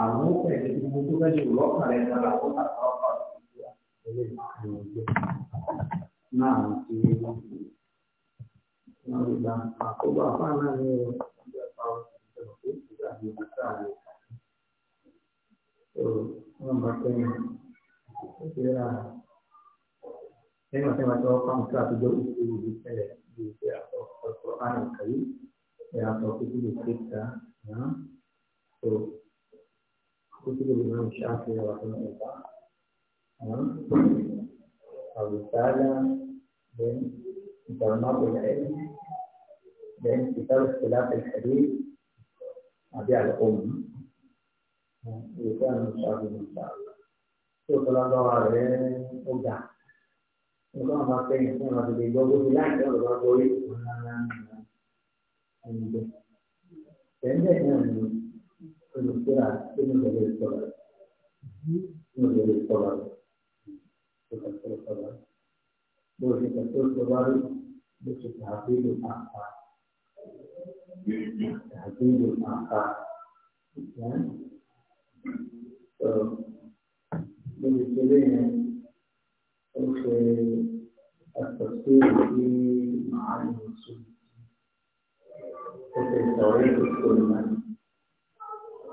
àwọn pẹ̀lú gbogbo tó fẹ́ jù lọ́kàn rẹ̀ nígbà tó bá tọ́ ọ̀pá náà ti wọ́n lè gba àkóbá afá náà ní ìjọba ìjọba tó ti gbà ní ìjọba rẹ̀. wọ́n bá tẹ́ ẹ ó ti rà lẹ́yìn ọ̀sẹ̀ wájú ọkọ̀ àwọn tó àtijọ́ ìṣòro ìṣẹ̀lẹ̀ ìṣẹ̀lẹ̀ àtọ̀ ọ̀sọ̀ àrùn kàyé ìyàtọ̀ kúkú lè ṣe é ta náà to كتب الإمام الشافعي رحمه الله الرسالة بين مقارنات العلم بين كتاب اختلاف الحديث أبيع الأم وكان الشافعي من الشافعي شوف الأربعة عليه وقع وكان ما كان يكون هذا بيجوز لا يجوز ولا يجوز 真的，嗯。quello che era quello che deve trovare quello che deve trovare quello che deve trovare quello che deve trovare invece tahbir al-aqa tahbir al-aqa quindi se bene conosce a tasvir di ma'ani sul potente avere sul mani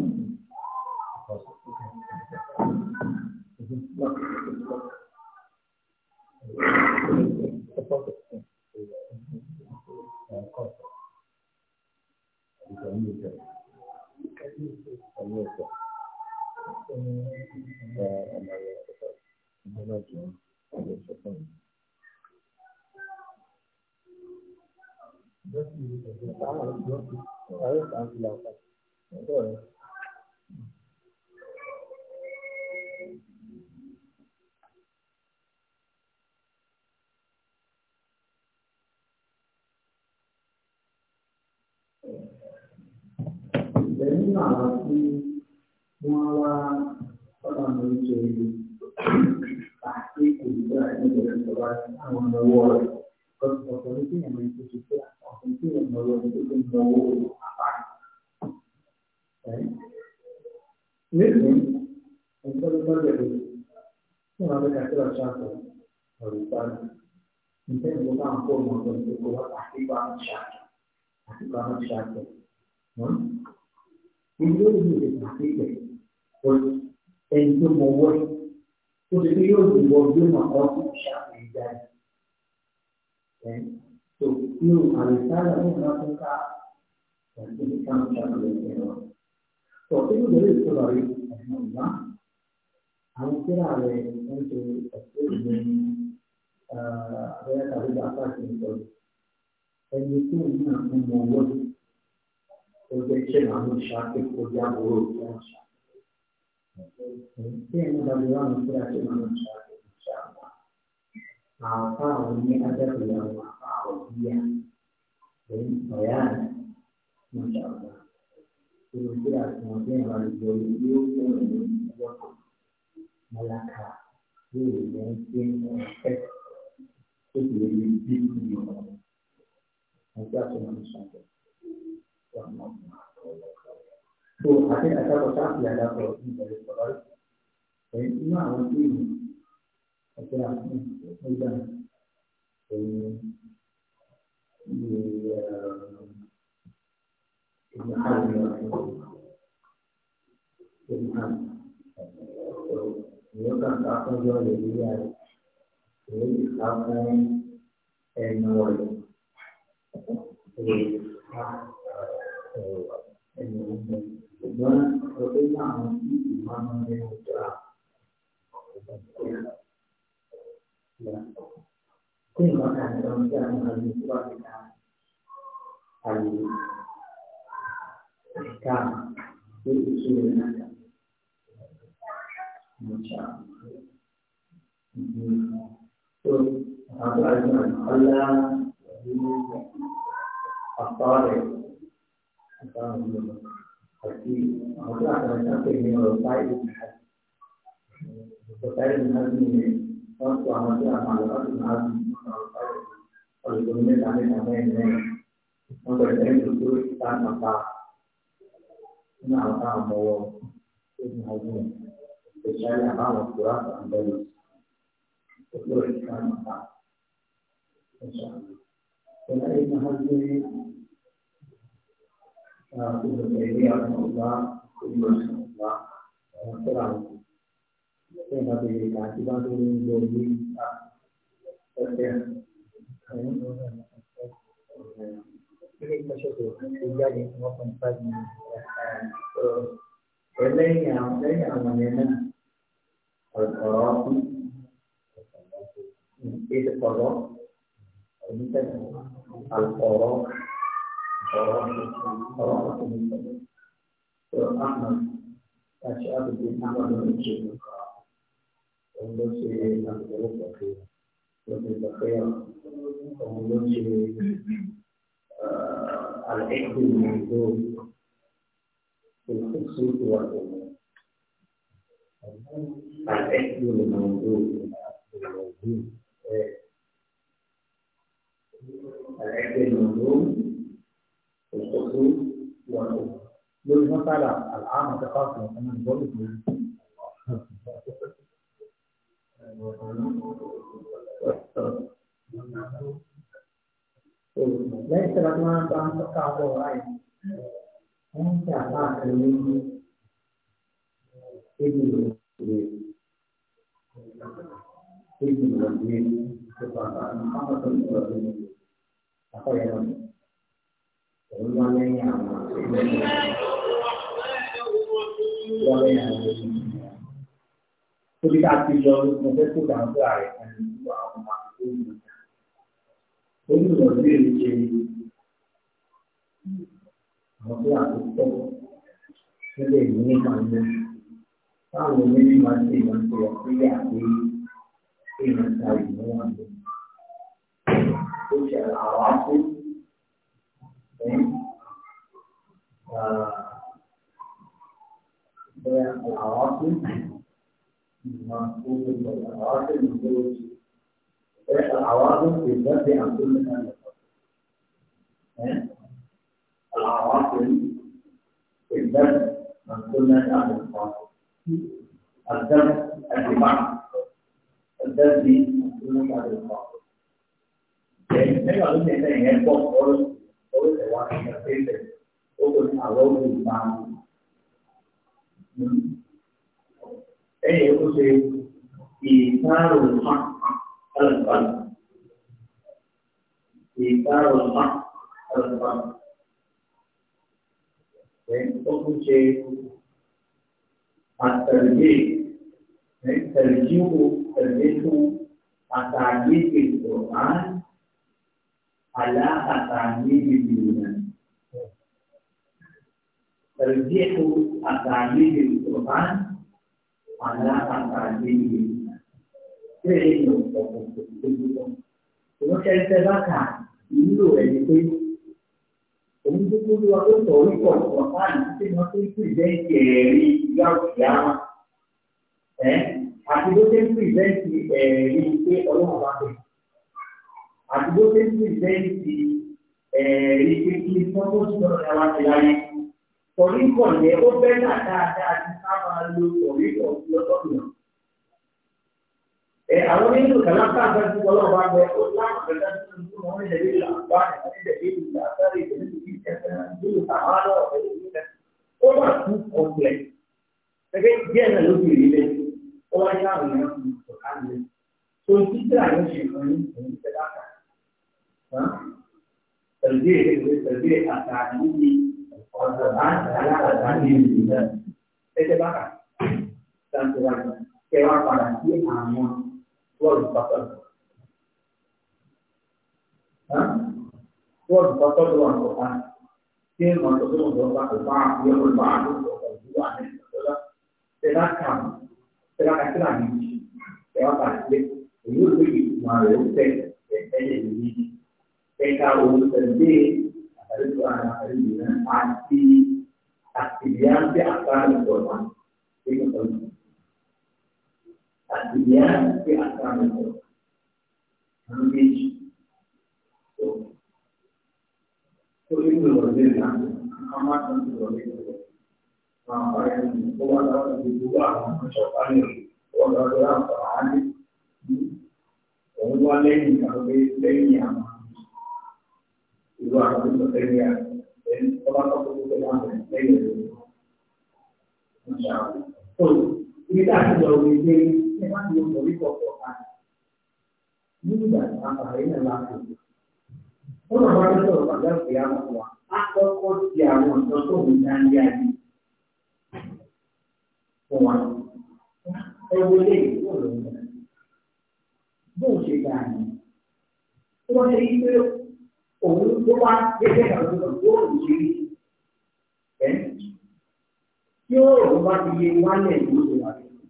Mm-hmm. شاكر يجوز للتحقيق قلت انت موضوع قلت يجوز موضوع مقاصد الشعب الجاهلي يوم الرسالة هنا تقع لكن كان شعب الجاهلي وقيل دليل الطبري رحمه الله عن كلا أنت تفسير من رواية أبي جعفر بن أن يكون هناك موضوع invece l'hanno lasciato con gli amori che hanno lasciato. Se non avevano creato una lasciata, diciamo, a Paoli apriamo a Paolia, dentro e anni, non c'è una. Se non creato una prima religione, io sono in un malaka, io non sono un pezzo, e quindi il piccolo, non piace una lasciata. So hacer esa cosa ada hablar por los intelectuales. Eh, no, no Ini O sea, muy bien. Eh, y eh, dejar de la yo cantaba, yo le diría, él estaba en el norte. Eh, ẹni ogun ṣùgbọ́n ọdún a. Kí ni wọ́n kà ní ọdún tí a máa lè tó àgbẹ̀ká àyè ká ló ti tún lè nà ká. Mo ṣá. So, àwọn àgbà náà, ọlá, ọ̀dọ́, àti àwọn tó àtàwọn ìṣàpè ní ọ̀rọ̀ báyìí ọ̀rọ̀ báyìí ní ọdún yẹn wọ́n sọ àwọn tó àwọn àlọ́ láti máa ń bí ọ̀rọ̀ báyìí ọ̀rọ̀ tó mẹ́ta mẹ́ta mẹ́rin mẹ́rin wọ́n bẹ̀rẹ̀ lẹ́yìn tó tó ìta nàpa nínú àwọn táwọn mọ̀wọ́ tó ní ọdún yẹn ìṣẹ́lẹ̀ àbáwọn ابن تيمية رحمه الله ابن رحمه الله سلام tema de activando un dormir a hacer لدينا لدينا مننا القراءة إيه القراءة القراءة العقد الموجود في الخصوص والعموم العقد الموجود العقد الموجود وأخوه لو المسألة العامة تقاسم كمان ضرب لا لك ما أن تقع بعين أنت تعلم ابن الوزير ابن الوزير سبحان الله محمد رسول الله أخويا òun wá lẹ́yìn àwọn àti Tóbi ká ti lọ mo fẹ́ tó kàn fún ààrẹ kan ní ìlú àwọn ọmọ àti ìlú ìjà. Olùdó lè ṣe àwọn tó àkókò tó lè ní nípa ní báwo ni bí máa ṣe máa ṣe ọ̀pẹ́lẹ̀ àti èèyàn ta ìmúwàlú. Ó ṣe àwọn àkókò dan awalnya mampu berawalnya menjadi dan awalnya tidak diambil dengan awalnya tidak mengambil dengan ada akibat ada di mengambil dengan ada jadi saya kalau saya ingin fokus 都得往那个飞飞，都会打到五八。嗯，哎，也就是以三五八，二八，以三五八，二八。entonces hasta el día el yugo el yugo hasta el día que Corán على أسانيد ترجيح أسانيد القرآن على أسانيد فعل وكيف Jadi يلو أنتي Òun tó kú lọ tó sọ orí pọ̀ pọ̀ fáàlì tí wọ́n tó ń pìrìsẹ́ǹtì ẹ̀rí ìyá òkè àmà. Ẹ́ àti bó ṣe ń pìrìsẹ́ǹtì ẹ̀rí pé ọlọ́run Eh, àti bó ṣe ń sìn lẹ́yìn tí ìpè kí sọ́kùn sọ̀rọ̀ ẹ̀ wá ti láyé. Tọ̀ríkọ̀ yẹn ó bẹ́ náà dáadáa ti ká máa lo tọ̀ríkọ̀ lọ́sọ̀tún. Ẹ àwọn nínú kàlákà bá ti wọlé ọba gbẹ ó láwọn ọ̀gá tó ń fún wọn ní ìdẹ̀lẹ́ àgbà ìdẹ̀lẹ́ ìgbà sáré ìdẹ̀lẹ́ ìgbà nínú àwọn àlọ́ ọ̀gá ìdẹ̀lẹ́ ó wà fún ọ̀gbẹ̀. Gẹ́gẹ́ díẹ̀ náà ló fi rí lẹ́ ó wáyé àwọn ènìyàn kò kàn lé. Tòun títí àyẹ̀ṣe kan ní ìṣẹ̀lá kan. ترجيح ترجيح التعليمي والقرآن على التعليم الإنسان إيه بقى؟ تنتظر كيف فرنسي عامون والبطل ها؟ والبطل والقرآن كيف ما تقول البعض يقول البعض عن المسألة تلاقى تلاقى كلامي كيف فرنسي ويقول لي ما يوجد في هذه PKU sendiri dari suara perlindungan pasti aktivian di akan berkorban di kepolisian. Aktivian di akan berkorban. Nanti So, so itu berbeda kan? Amat tentu berbeda. Apa yang kuat atau dibuat, mencoba ini, kuat atau apa, ini. Kemudian ini, kalau ini, ini, dua akun bekerja dan kalau aku butuh apa saya Masya Allah. So, kita sejauh ini memang belum beri kotoran. Ini dan apa ini laku. Orang orang itu pada siapa semua. Aku kau siapa itu bukan jadi. Semua. Saya boleh. Bukan. Bukan. Bukan. Bukan òun tó wá gẹ́gẹ́ àwọn yóò yé ẹ́ tí ó òun bá ti yé wálẹ̀ yóò ṣe wà lẹ́nu.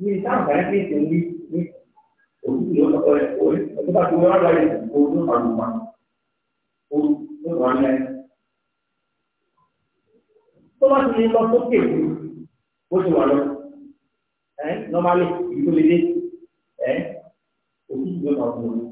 ní ìtàgbà ẹ̀ pèsè ní ní òtútù yóò lọ́kọ rẹ̀ òun ọdún bá ti wọ́n lọ́wọ́ rẹ̀ òun ló wà òun ló wà lẹ́. tó bá ti lọ sókè bó ṣe wà lọ ẹ nọ́málì ìdílé ẹ òtútù yóò lọ́kọ rẹ̀.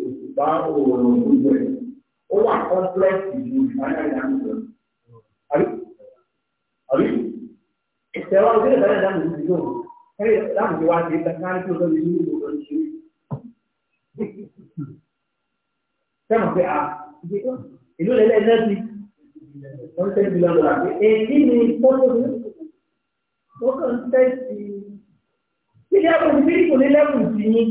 bá òòrùn gbogbo ẹ̀ ó wà kọ́ńplẹ́ẹ̀sì ju ìbáyàrá àmì àbí àbí ìṣẹ̀wá ojú ìbáyàrá àmì ti yóò kẹ́rì láàmù ti wá sí ìtàkárì tó lọ́ọ́ ní ìlú ìlú ìṣe. sẹ́wọ̀n pé a ìlú lẹ́lẹ́ nẹ́ẹ̀sì wọ́n ń tẹ́lẹ̀ bí lọ́dọ̀ àbí èyí ni fọ́tò ní fọ́tò ń tẹ́sí. Bí ìyá kò ní bí kò ní lẹ́kùn sí yín,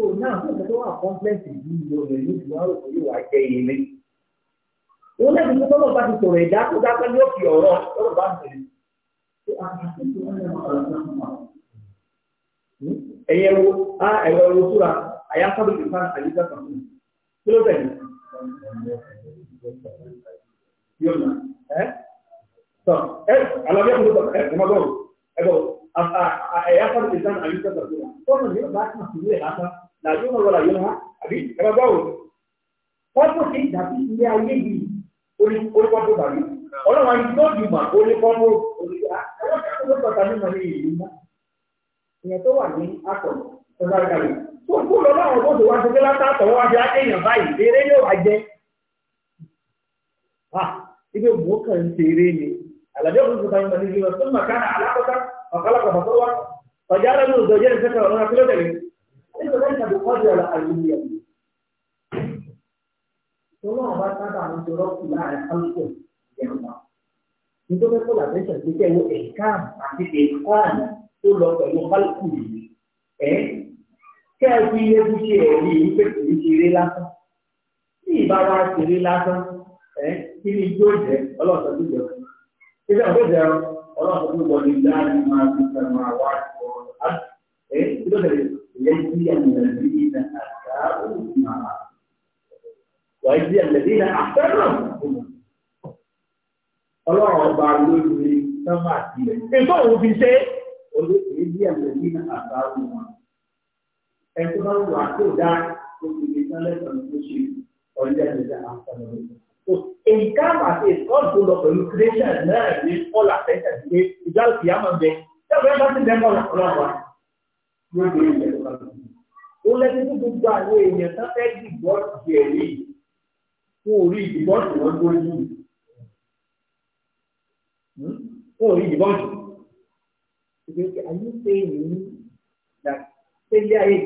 so náà fún ìgbà tó wà kọ́ńpẹ́ǹsì yìí lọ rẹ̀ ní ìwà rẹ̀ kò yóò wá jẹ́ iye lé. òun náà tuntun tọ́lọ̀ bá ti sọ̀rọ̀ ẹ̀dá tó dá pẹ́lú òkè ọ̀rọ̀ tọ́lọ̀ bá bẹ̀rẹ̀. Hmm? ẹ̀yẹ wo a ẹ̀rọ ẹ̀rọ súra àyà sábẹ̀lì fan àyíká kan fún mi kí ló bẹ̀rẹ̀ yóò nà ẹ́ sọ ẹ́ alábẹ́ kúndùn sọ ẹ̀ má bọ̀ ẹ̀ bọ̀ sábẹ̀lì fan àyíká kan fún mi tọ́lọ̀ ní ọ̀bá kan fún mi làjú náà wọ́n làjú náà àbí ẹ̀rọ bá wò. wọ́n tún ti dàbí ilé ayé yìí oríkọ́ tó dàbí ọlọ́run àti tó di mà oríkọ́ tó ìyẹn tó wà ní akọ̀ ọ̀gáàgàlè tó kú lọ́wọ́ àwọn bóde wá sí kíláńtà àtọ̀wọ́ wá sí akéèyàn báyìí eré yóò wá jẹ́. ibi òmùú kan ń ṣeré ni àlàjọ òkú kan ń bọ̀ ní ìlú ọ̀sán màkà àlákọ̀ọ́ká ọ̀kọ́lọ́kọ̀ fọ́fọ́wá ọ̀jà alẹ́ ní òdòjẹ́ ìfẹ́sẹ̀ lẹ́yìn àbùkọ́jọ àìlúyẹ. Tọ́lọ́run bá sábà ń jọ rọ́ọ̀kì láàrin kọ́lùkù ìjẹun nítorí kó làbẹ́sẹ̀ tó jẹ́ wo ẹ̀ka àti ẹ̀kọ́n tó lọ pẹ̀lú kálukú yìí ẹ̀ kẹ́ ẹ fi ewu ṣe ẹ̀rí yìí pé kò ní ṣeré lásán tí ìbára ṣeré lásán ẹ̀ kí ni yóò jẹ ọlọ́sọ tó jẹ fún ṣíṣe àwọn ìjẹ ọlọ́sọ tó wọlé láàrin máa fi sẹ́nu àwọn àti ọ̀rọ̀ ẹ̀ kí ló tẹ̀lé يجزي الذين أساءوا بما ويجزي الذين أحسنوا Ọlọ́run ọba lórí sọ́mà sílẹ̀. Ètò òun fi ṣe olóṣèlú bí àgbẹ̀bí náà àbáwò wọn. Ẹ̀sùn bá wà tó dá òṣèlú sálẹ̀sán tó ṣe ọ̀rẹ́dẹ̀ àgbẹ̀dẹ̀ àǹfààní rẹ̀. So nǹkan àti ìkọ́ọ̀tù lọ pẹ̀lú creation náà ní all affected ṣe ìjọ ìyá máa bẹ. Ṣé ọ̀gbẹ́ bá ti bẹ́ẹ̀ kọ́ ọ̀rọ̀ wa? lórí ilẹ̀ kan. ó lẹ́sìn tó gbogbo àwọn èèyàn tó fẹ́ dìbò jẹ̀ yìí fún orí ìdìbò tí wọ́n gbó yìí. fún orí ìdìbò tí. ìgbésẹ̀ ayé pé èyí là tẹ́lẹ̀ ayé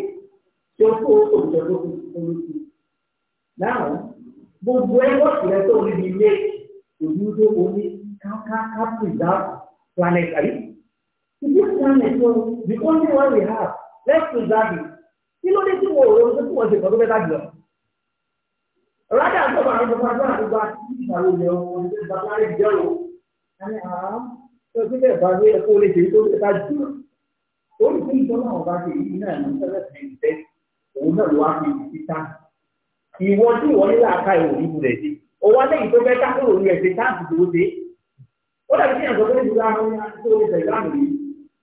tí ó kó òjò tó fi fún mi. náà gbogbo ẹgbẹ́ ìrẹ́ tó rí mi lé òdúdó oní kákákápù ìdá planet ayé. This one is so, the only one we have. Let's preserve it. Kí ló dé tí wọ́n ò ronú tí wọ́n ṣe ìkọ́tún bẹ́ẹ̀ jùlọ? Rádà ń sọ̀rọ̀ àwọn ọmọ àgbà àdúgbò àti ìṣàlù ilẹ̀ ọmọ ìṣe ìbáláre jẹ́ o. Ẹni àá tó ti bẹ̀rẹ̀ bá gbé ẹ̀kọ́ lè ṣèyí tó ti ká jù. Olùkọ́ ìjọ náà bá ṣe èyí náà ní sẹ́lẹ̀ fún ìfẹ́. Òun náà ló wá fi ìfi ta. Ìwọ tí ìwọ nílà ká ìwò ní ibùdó ẹ̀sìn. Òwò alẹ́yìn tó fẹ́ ká kúrò ní ẹ̀sìn táàbù tó ṣe. Ó dàbí kí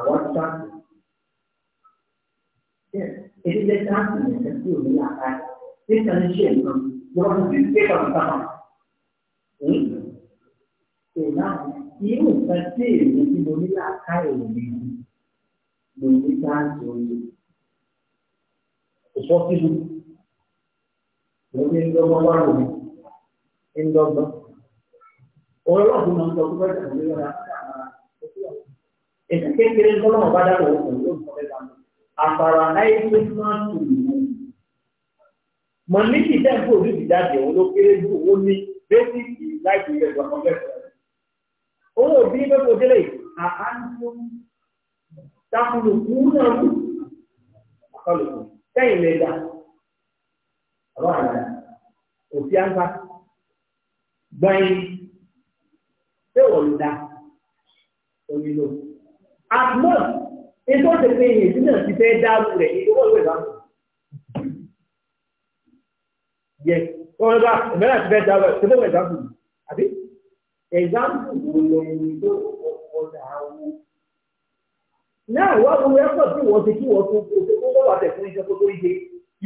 àwọn tíwájú. Èdè jẹ́ tíwájú ní ẹ̀sẹ̀ tí ò ní àká ẹ̀. Ní sani ṣe nǹkan, wọ́n ti fi pé kàn sáà. Ìlà irú nǹkan tí èmi tí mo ní àká ẹ̀ ò ní mo ní tíwájú òye. Ìfọ́ sílu. Mo ní ńlọ́gbọ́n wá lòun. Ńlọ́gbọ́n. Ọlọ́run máa ń sọ fún bẹ́ẹ̀ tẹ̀lé yára nǹkan kékeré tọ́lọ́mọ̀ bá dáwọ̀ òkú tó ń sọ mẹ́ta mọ́ àfàrà láìpẹ́ máa tù mí. mọ̀ ní ìdá ìgbò orí ìdájẹ́ òun ló kéré ju owó ní bẹ́sìkì láìpẹ́ ìrẹ̀lẹ̀ ọ̀kan mẹ́fẹ̀ẹ́. owó òbí ní pẹ́pẹ́ délé àkáńtó takunukú náà kù àkọlùkù sẹ́yìn lè dà ọ̀rọ̀ àlà òfin àǹfà gbọ́n ṣé wọ́n lè dà àmọ́ ètò ọ̀sẹ̀ pé èyí náà ti fẹ́ dárú rẹ̀ ní owó ìwé ìbámu. yẹ wọn bá ẹ̀mẹ́ náà ti fẹ́ dárú rẹ̀ ṣẹ́fẹ́ ìbámu àbí ẹ̀zámù wo lọ ẹni tó kọ́kọ́ dáa wò. náà wọ́n wo ẹ́fọ̀ tí wọ́n ti kí wọ́n tó kó kó wà tẹ̀ fún iṣẹ́ tó tó yé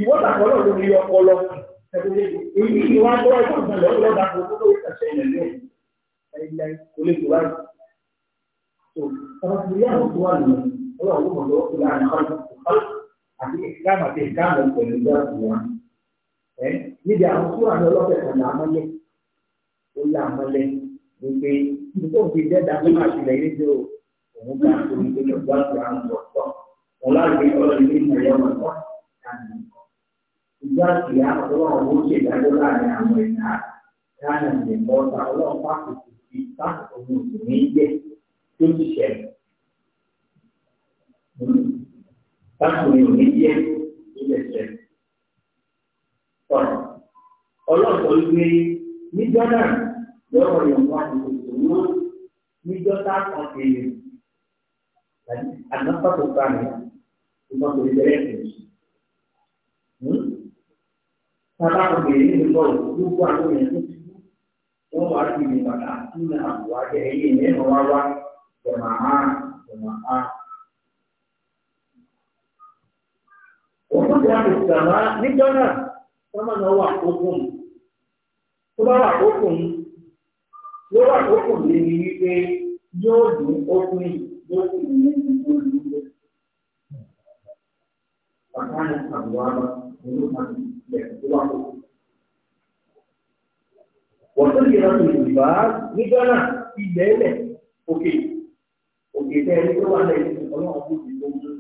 ìwọ́n tàkọ́ náà ló ní ọpọlọ èyí ìwà tó wà tó ń bọ̀ lọ́wọ́ lọ́dà kó tó tó Kemudian Tuhan Allah itu berdoa Tuhan kalau tapi Islam atau Islam dan pemuda Tuhan. Eh, ini dia usulan Allah ke ulama ni. Ulama ni mungkin itu tidak dapat masih dari itu. Kemudian itu dibuat Tuhan berdoa. Allah di Allah ini saya berdoa dan Jika dia Allah menguji dan Allah yang mengenal, dan yang berdoa Allah pasti kita ini tó ti ṣẹlẹ̀. Bákùnrin ò ní jẹ́ ilẹ̀ ṣẹlẹ̀. Ọ̀nà ọlọ́pàá wípé níjọ́ náà lọ́rọ̀ yẹn wá ní òṣòwò níjọ́ tá a kàn kéde. Àgbàpá tó ká mi, Sábà kò béèrè nínú bọ́ọ̀lù gbogbo àwọn èèyàn tó ti kú. Wọ́n wá sí ìgbàgbà nínú àwọn àjẹ́ ẹ̀yìn ẹ̀rọ wá wá jemaah jemaah. Untuk yang bersama ni jangan sama nawa hukum. Sebab hukum, nawa hukum ini ke jodoh hukum jodoh ini. Makanya sahabat menuhan yang dua hukum. Waktu kita berubah, ni jangan tidak okey òkè tẹ ẹni tó wà lẹ́yìn ọlọ́run kò sí tó mú yóò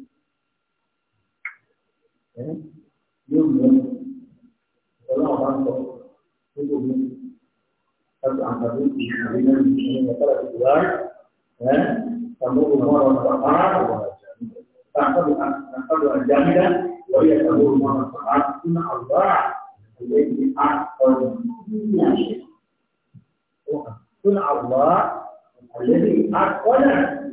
mú ọlọ́run bá ń sọ tó tó mú láti àǹfààní ìṣẹ̀lẹ̀ náà ní ìṣẹ̀lẹ̀ ìṣẹ̀lẹ̀ ìṣẹ̀lẹ̀ ìṣẹ̀lẹ̀ ẹ̀ tàbí mọ́ra sàmárà tàbí àtàkàdù àjàmídá lọ́yẹ̀ tàbí mọ́ra sàmárà tún àlùbá àlẹ́yìn àtọ̀rọ̀ ní àṣẹ. Tún àlùbá àlẹ́yìn àkọ́lẹ̀.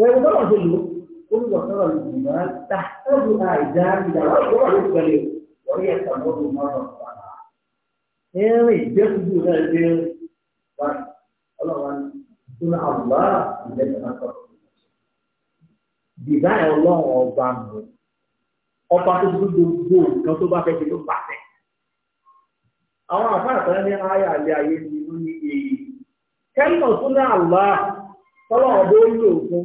Dari mana dulu? Kul wa tara al-jimal tahtaju aidan ila rabbih qalil wa hiya Ini dia tujuh dan dia Allah wan tuna Allah menjadi anak Bila Allah ọbamu, ọba tó gbogbo nǹkan tó bá fẹ́ ṣe ló pàṣẹ. Àwọn àfáàfẹ́ ní ayé àlẹ́ ayé ni ó ní èyí. Kẹ́lí náà tún ní àlá tọ́lọ́ ọ̀dọ́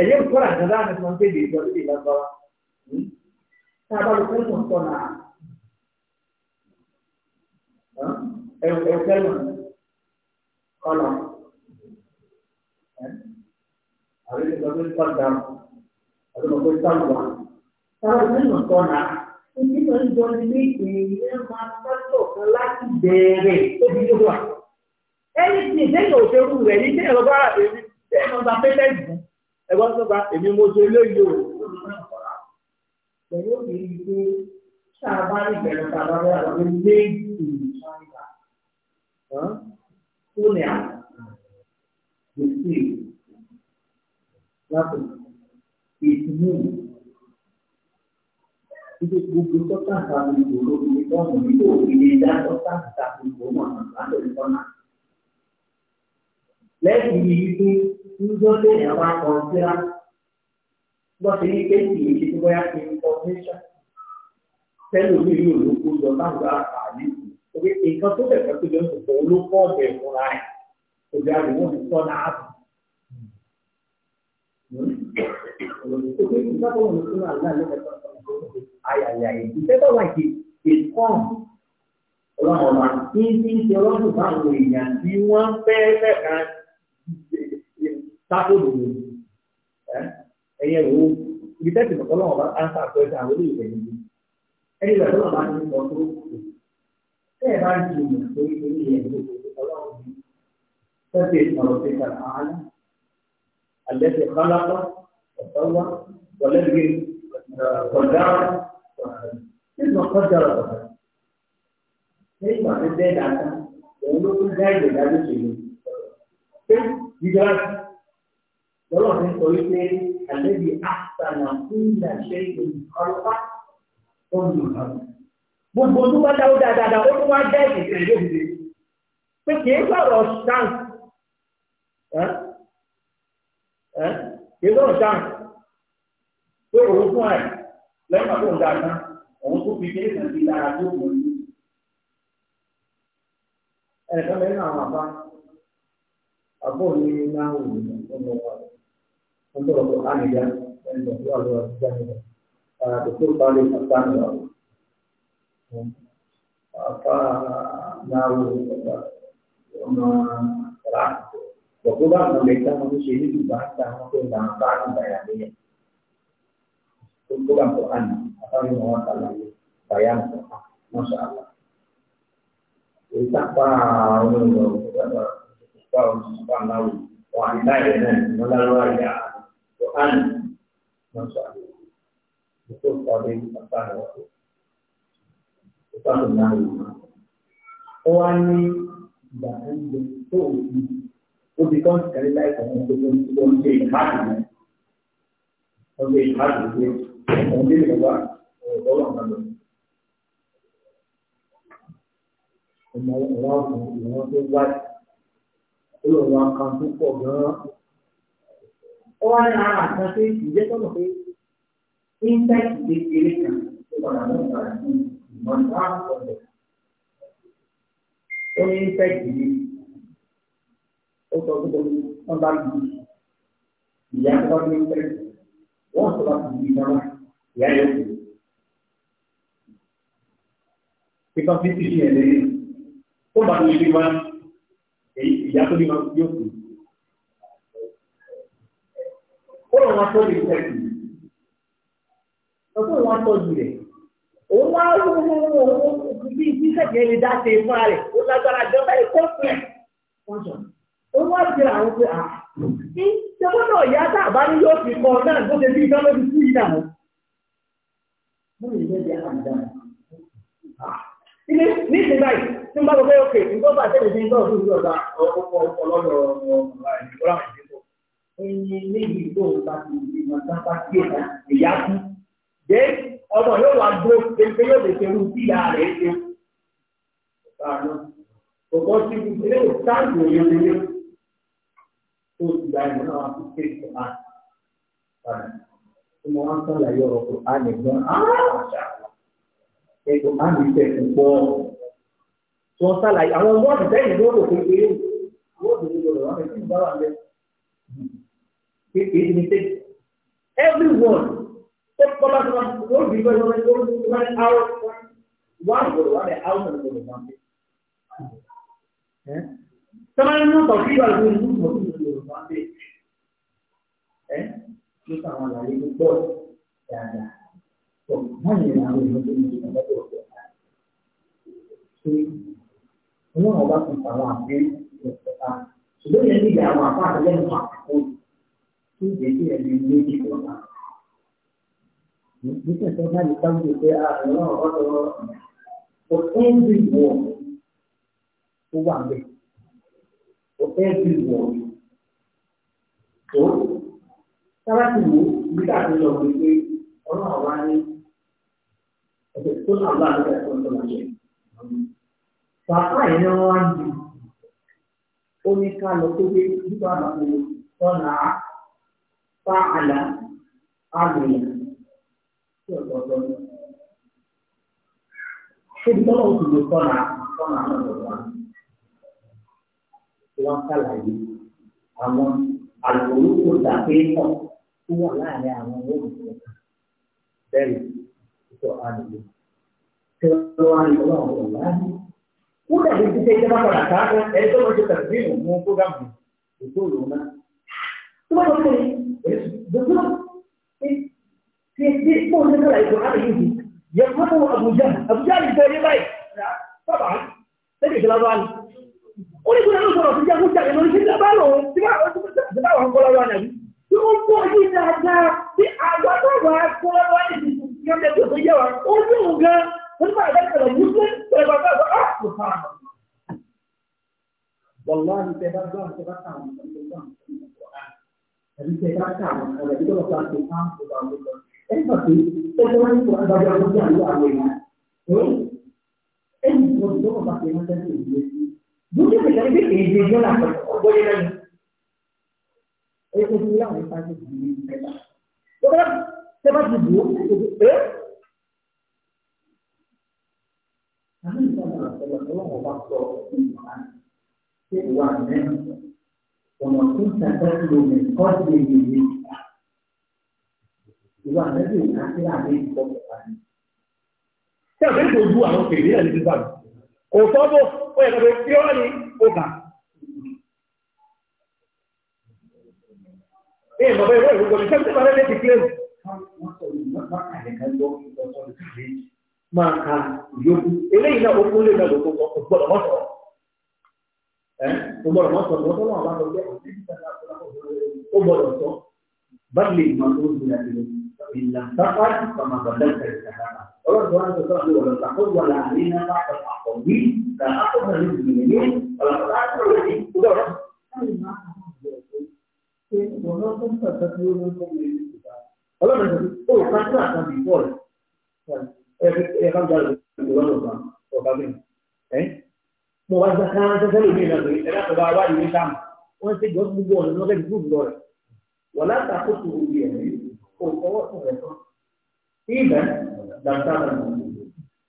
ẹ̀yẹ́ ń kọ́ra àgbàdo àti wọn tẹ̀lé ìjọ lóde lágbára hmm? tá a bá lọ fẹ́ràn sọ náà ẹ ẹ fẹ́ràn kọ́lá hmm? àwọn ìjọba tó ń kọ́ da àwọn ìjọba tó ń kọ́ wà tá a bá lọ fẹ́ràn sọ náà ojú náà ń jọ ní èèyàn máa sọ́tọ̀ kan láti bẹ̀rẹ̀ tó fi yóò wà ẹni tí ìdẹ́yìn òṣèlú rẹ̀ ní sẹ́yìn lọ́gbàrà bẹ̀rẹ̀ sẹ́yìn lọ́gbà pẹ́ẹ́lẹ́ ìgbọ̀n ẹgbọ́n sọ́ba èmi mo ṣe eléyìí o. pẹ̀lú òbí yìí pé tá a bá rí bẹ̀rẹ̀ tàbá rẹ̀ àwọn méjì ìṣáìlà fúnìà gbèsè yàtọ̀ ìtìmú ibi gbogbo sọ́kà tàbí ìgbòho ìgbòho ìgbòho ìgbòho ìgbòho ìdájọ́ sọ́kà tàbí ìgbòho ọ̀nà àti ìgbòho náà lẹ́yìn yìí pé níjọ́ lèèyàn máa kọ síra wọ́n ti ní kéèkì yìí ṣe bóyá ṣe information tẹ́lẹ̀ mi yóò ló kó jọ láwùjọ àkàlẹ́ òwe nǹkan tó bẹ̀rẹ̀ tó jọ ń sọ̀tọ̀ ló pọ̀ ọ̀bẹ̀ òbí àdéhùn ti tọ́ náà bù. òwe nǹkan tó wọ̀n fún àlá ló bẹ̀rẹ̀ tó ń sọ̀tọ̀ ayàyà ìdí tẹ́tọ̀ wà kì í ọlọ́run ọ̀la sáfò lòlò ẹ̀yẹ wo ibi tẹ́sí mọ̀tọ́ lọ́wọ́ bá ánsá àpẹẹrẹ àwọn olóyè ìfẹ̀yìn bí ẹni ìgbà tó wà máa ń mọ tó tẹ́ ẹ bá ń ju ìmọ̀ tó ní ní ẹ̀ ní ọlọ́run bí tẹ́sí ìmọ̀ràn tó kà áná àlẹ́sẹ̀ kálápá ọ̀tọ́wá wọlẹ́gbẹ̀ kọ̀dára nínú kọ̀dára kọ̀dára nígbà tó dẹ́ dáadáa òun ló tún dá ìgbẹ̀dá lóṣèlú pé ìjọba lọ́wọ́ mi sọ wípé àlejò àtàlà ńlá ṣe ìkọlọ́pá Gbogbo tó bá dáwọ́ dáadáa ó tún wá dá ìṣẹ̀ṣẹ̀ ìlú òdìdí. Pé Pé òun fún pàtó ń dáa tán, òun tún fi sí tó lẹ́yìn àwọn àbá, àbọ̀ untuk Al-Quran ya dan juga eh, Al-Quran ya. Betul paling akan apa nau terang. Berkurang mereka manusia ini dibaca maupun bangsa bayangannya. Untuk al atau yang Allah Taala bayang, masya Allah. Kita tahu, kita tahu, kita tahu, wanita ini melalui Quran masuk akal. Itu kode apa waktu. Itu benar. Orang ni jangan betul. Bukan sekali lagi kalau untuk untuk jihad. Untuk jihad itu, untuk apa? Tolong kan. Orang orang orang tu buat, orang orang kampung kau ó wá ní ara kan pé ìjẹ́ tọ́lọ̀ pé intanet lè kéré kan tó wà láwọn ìgbà tí ìmọ̀ ní wàá sọ̀rọ̀ ó ní intanet yìí ó sọ pé wọ́n bá yìí ìyá tó bá ní intanet wọ́n sọ bá ti di ìjọba ìyá yóò kú. Pípa fífi ṣe ẹ̀lẹ́yìn tó bá ní ìdí wá èyí ìyá tó ní ma yóò kú. ó lọ wọn tọ́jú ìfẹ́ jù lọ́sọ̀ wọn tọ́jú rẹ̀ òun wá wọ́n wọ́n bí ìfísẹ̀kì ẹni dá ṣe fúnra rẹ̀ ó lágbára jọ bẹ́ẹ̀ kó fún ẹ̀ wọ́n sọ òun wá jẹ́ àwọn pé à ní ṣẹ́wọ́n náà yá tá àbá ní yóò fi kọ́ náà tó ṣe ẹni méjì tó ń bá ti ìgbìmọ̀ tán bá ti èèyàn ìyá kú. Dé ọmọ yóò wá dúró pé yóò lè ṣerú sí ìyá rẹ̀ ṣe. Ọ̀pọ̀ ti fi ṣe léwu sáàbù òye lélẹ̀. Tó ti gba ìmọ̀ náà wá sí kéèkì ọ̀hán. Tí mo wá ń sọ̀rọ̀ yọ ọkọ̀ á lè gbọ́n Ẹ̀kọ́ á lè fẹ̀ púpọ̀. Tí wọ́n sàlàyé àwọn ọmọ ọ̀sẹ̀ sẹ́yìn ló rò pé pé wọ́n lè lò lọ́wọ́ is mistake. Everyone, so Baba Sahib, all people who are going to one hour, one hour, one hour, one hour. Someone knows how people are going to do one day. Eh? Kita orang lari itu pun, ya, ya. So, mana yang harus kita lakukan? Semua orang bersama, kita sudah yang tidak apa-apa, yang tak pun tí ìgbésí ẹni méjì lọ bá. Nígbà tó bá lè dáhùn pé ààrẹ náà ọ̀dọ̀ for every war ó wà ń bẹ̀. For every war. Tó sábà ti wò nígbà tó lọ wí pé ọ̀rọ̀ àwa ni ẹ̀sẹ̀ tó náà bá nígbà tó lọ wáyé. Bàbá yìí ni wọ́n wá ń di. Ó ní ká lọ tó gbé nígbà tó lọ sọ́nà fáàlà àmìyà tí ọ̀tọ̀ọ̀tọ̀ ní. Ṣébi tọ́lọ̀ oṣù lè kọ́ra kọ́ra àwọn ọ̀dọ́ wa. Wọ́n ṣàlàyé àwọn àlùkòrò tó dàgbé náà tó wà láàárín àwọn olùkọ́. Bẹ́ẹ̀ni, ìtọ́ àlùkò. Ṣé wọ́n wá ní ọlọ́run ọ̀rọ̀ láàárín? Kúrò àti títí ẹgbẹ́ bá padà ká ẹni tó lọ mú fúgàmù ètò náà. Cuma kalau ini, betul. Dia pun dengar Al-Quran ini. Yang mana Abu Jahal? Abu Jahal itu dia baik. Sabar. Tapi kelaruan. Oleh kerana orang sejak hujat Indonesia tidak balong. Sebab orang kelaruan lagi. Rumput ini dah dah. Di awal-awal kelaruan ini. Yang dia tu sejawab. Oh, juga. Sebab ada kalau Muslim, kalau bakal, ah, Subhanallah. Wallahi, saya bakal, saya bakal, saya bakal, perché trattavano con la piccola parte in campo Eh, un E infatti, per momento abbiamo già la guerra. E il giorno fa che non c'è più. Non c'è più perché il regionale o guerra. E continuiamo a fare così di Ora, se va di giù, eh? kami me mi sembra che l'uomo ha fatto un anno, وما كنت تتلو من قبله الذكر ìwà àlejò àti àlejò ìtọ́jú àná. Ṣé àbẹ̀rẹ̀ tó ju àwọn kèrè náà níbi bá mi? Kò sọ́bọ̀ ó yẹ kẹ́kẹ́ tí ó ní ọgbà. Ṣé ìmọ̀ bẹ́ẹ̀ wọ́n ìrúgbọ́n ní sẹ́ńtì máa lẹ́lẹ́ ti kílẹ̀? Máa ka ìyókù. Eléyìí náà ó kún lè náà lóko sọ, kò gbọ́dọ̀ ó gbọ́dọ̀ mọ́ sọ̀rọ̀ lọ́tọ́ náà bá lọ jẹ́ ó gbọ́dọ̀ sọ báyìí ìgbà tó ń gbìyànjú ìlà sáfà ìfàmà bàbá ìfẹ̀rẹ̀ sàrà ọlọ́dún wa ń sọ sọ́dún wọ̀lọ́ sàkóso wà láàrin náà bá pẹ̀lú àkọ́bí kà á tó hàn ní ìgbìyànjú ní ọ̀làkọ̀lá tó lè ní gbọ́dọ̀. ọlọ́dún sọ pé ó kásán àkàbí bọ́ọ̀lù ẹ̀ka ń gbà lọ́dún ọ̀gá bẹ́ẹ̀ kan tó fẹ́lẹ̀ mí lọ́dọ̀ ẹ̀rọ àtọ̀bá wa yìí sáàmù wọ́n ti gbọ́ gbogbo ọ̀nà lọ́dẹ̀ gúrúùbù lọ rẹ̀ wọ́n láta kó tó orí ẹ̀ kó fọwọ́ sùn rẹ̀ tán ibẹ̀ dàgbà rẹ̀ mọ̀.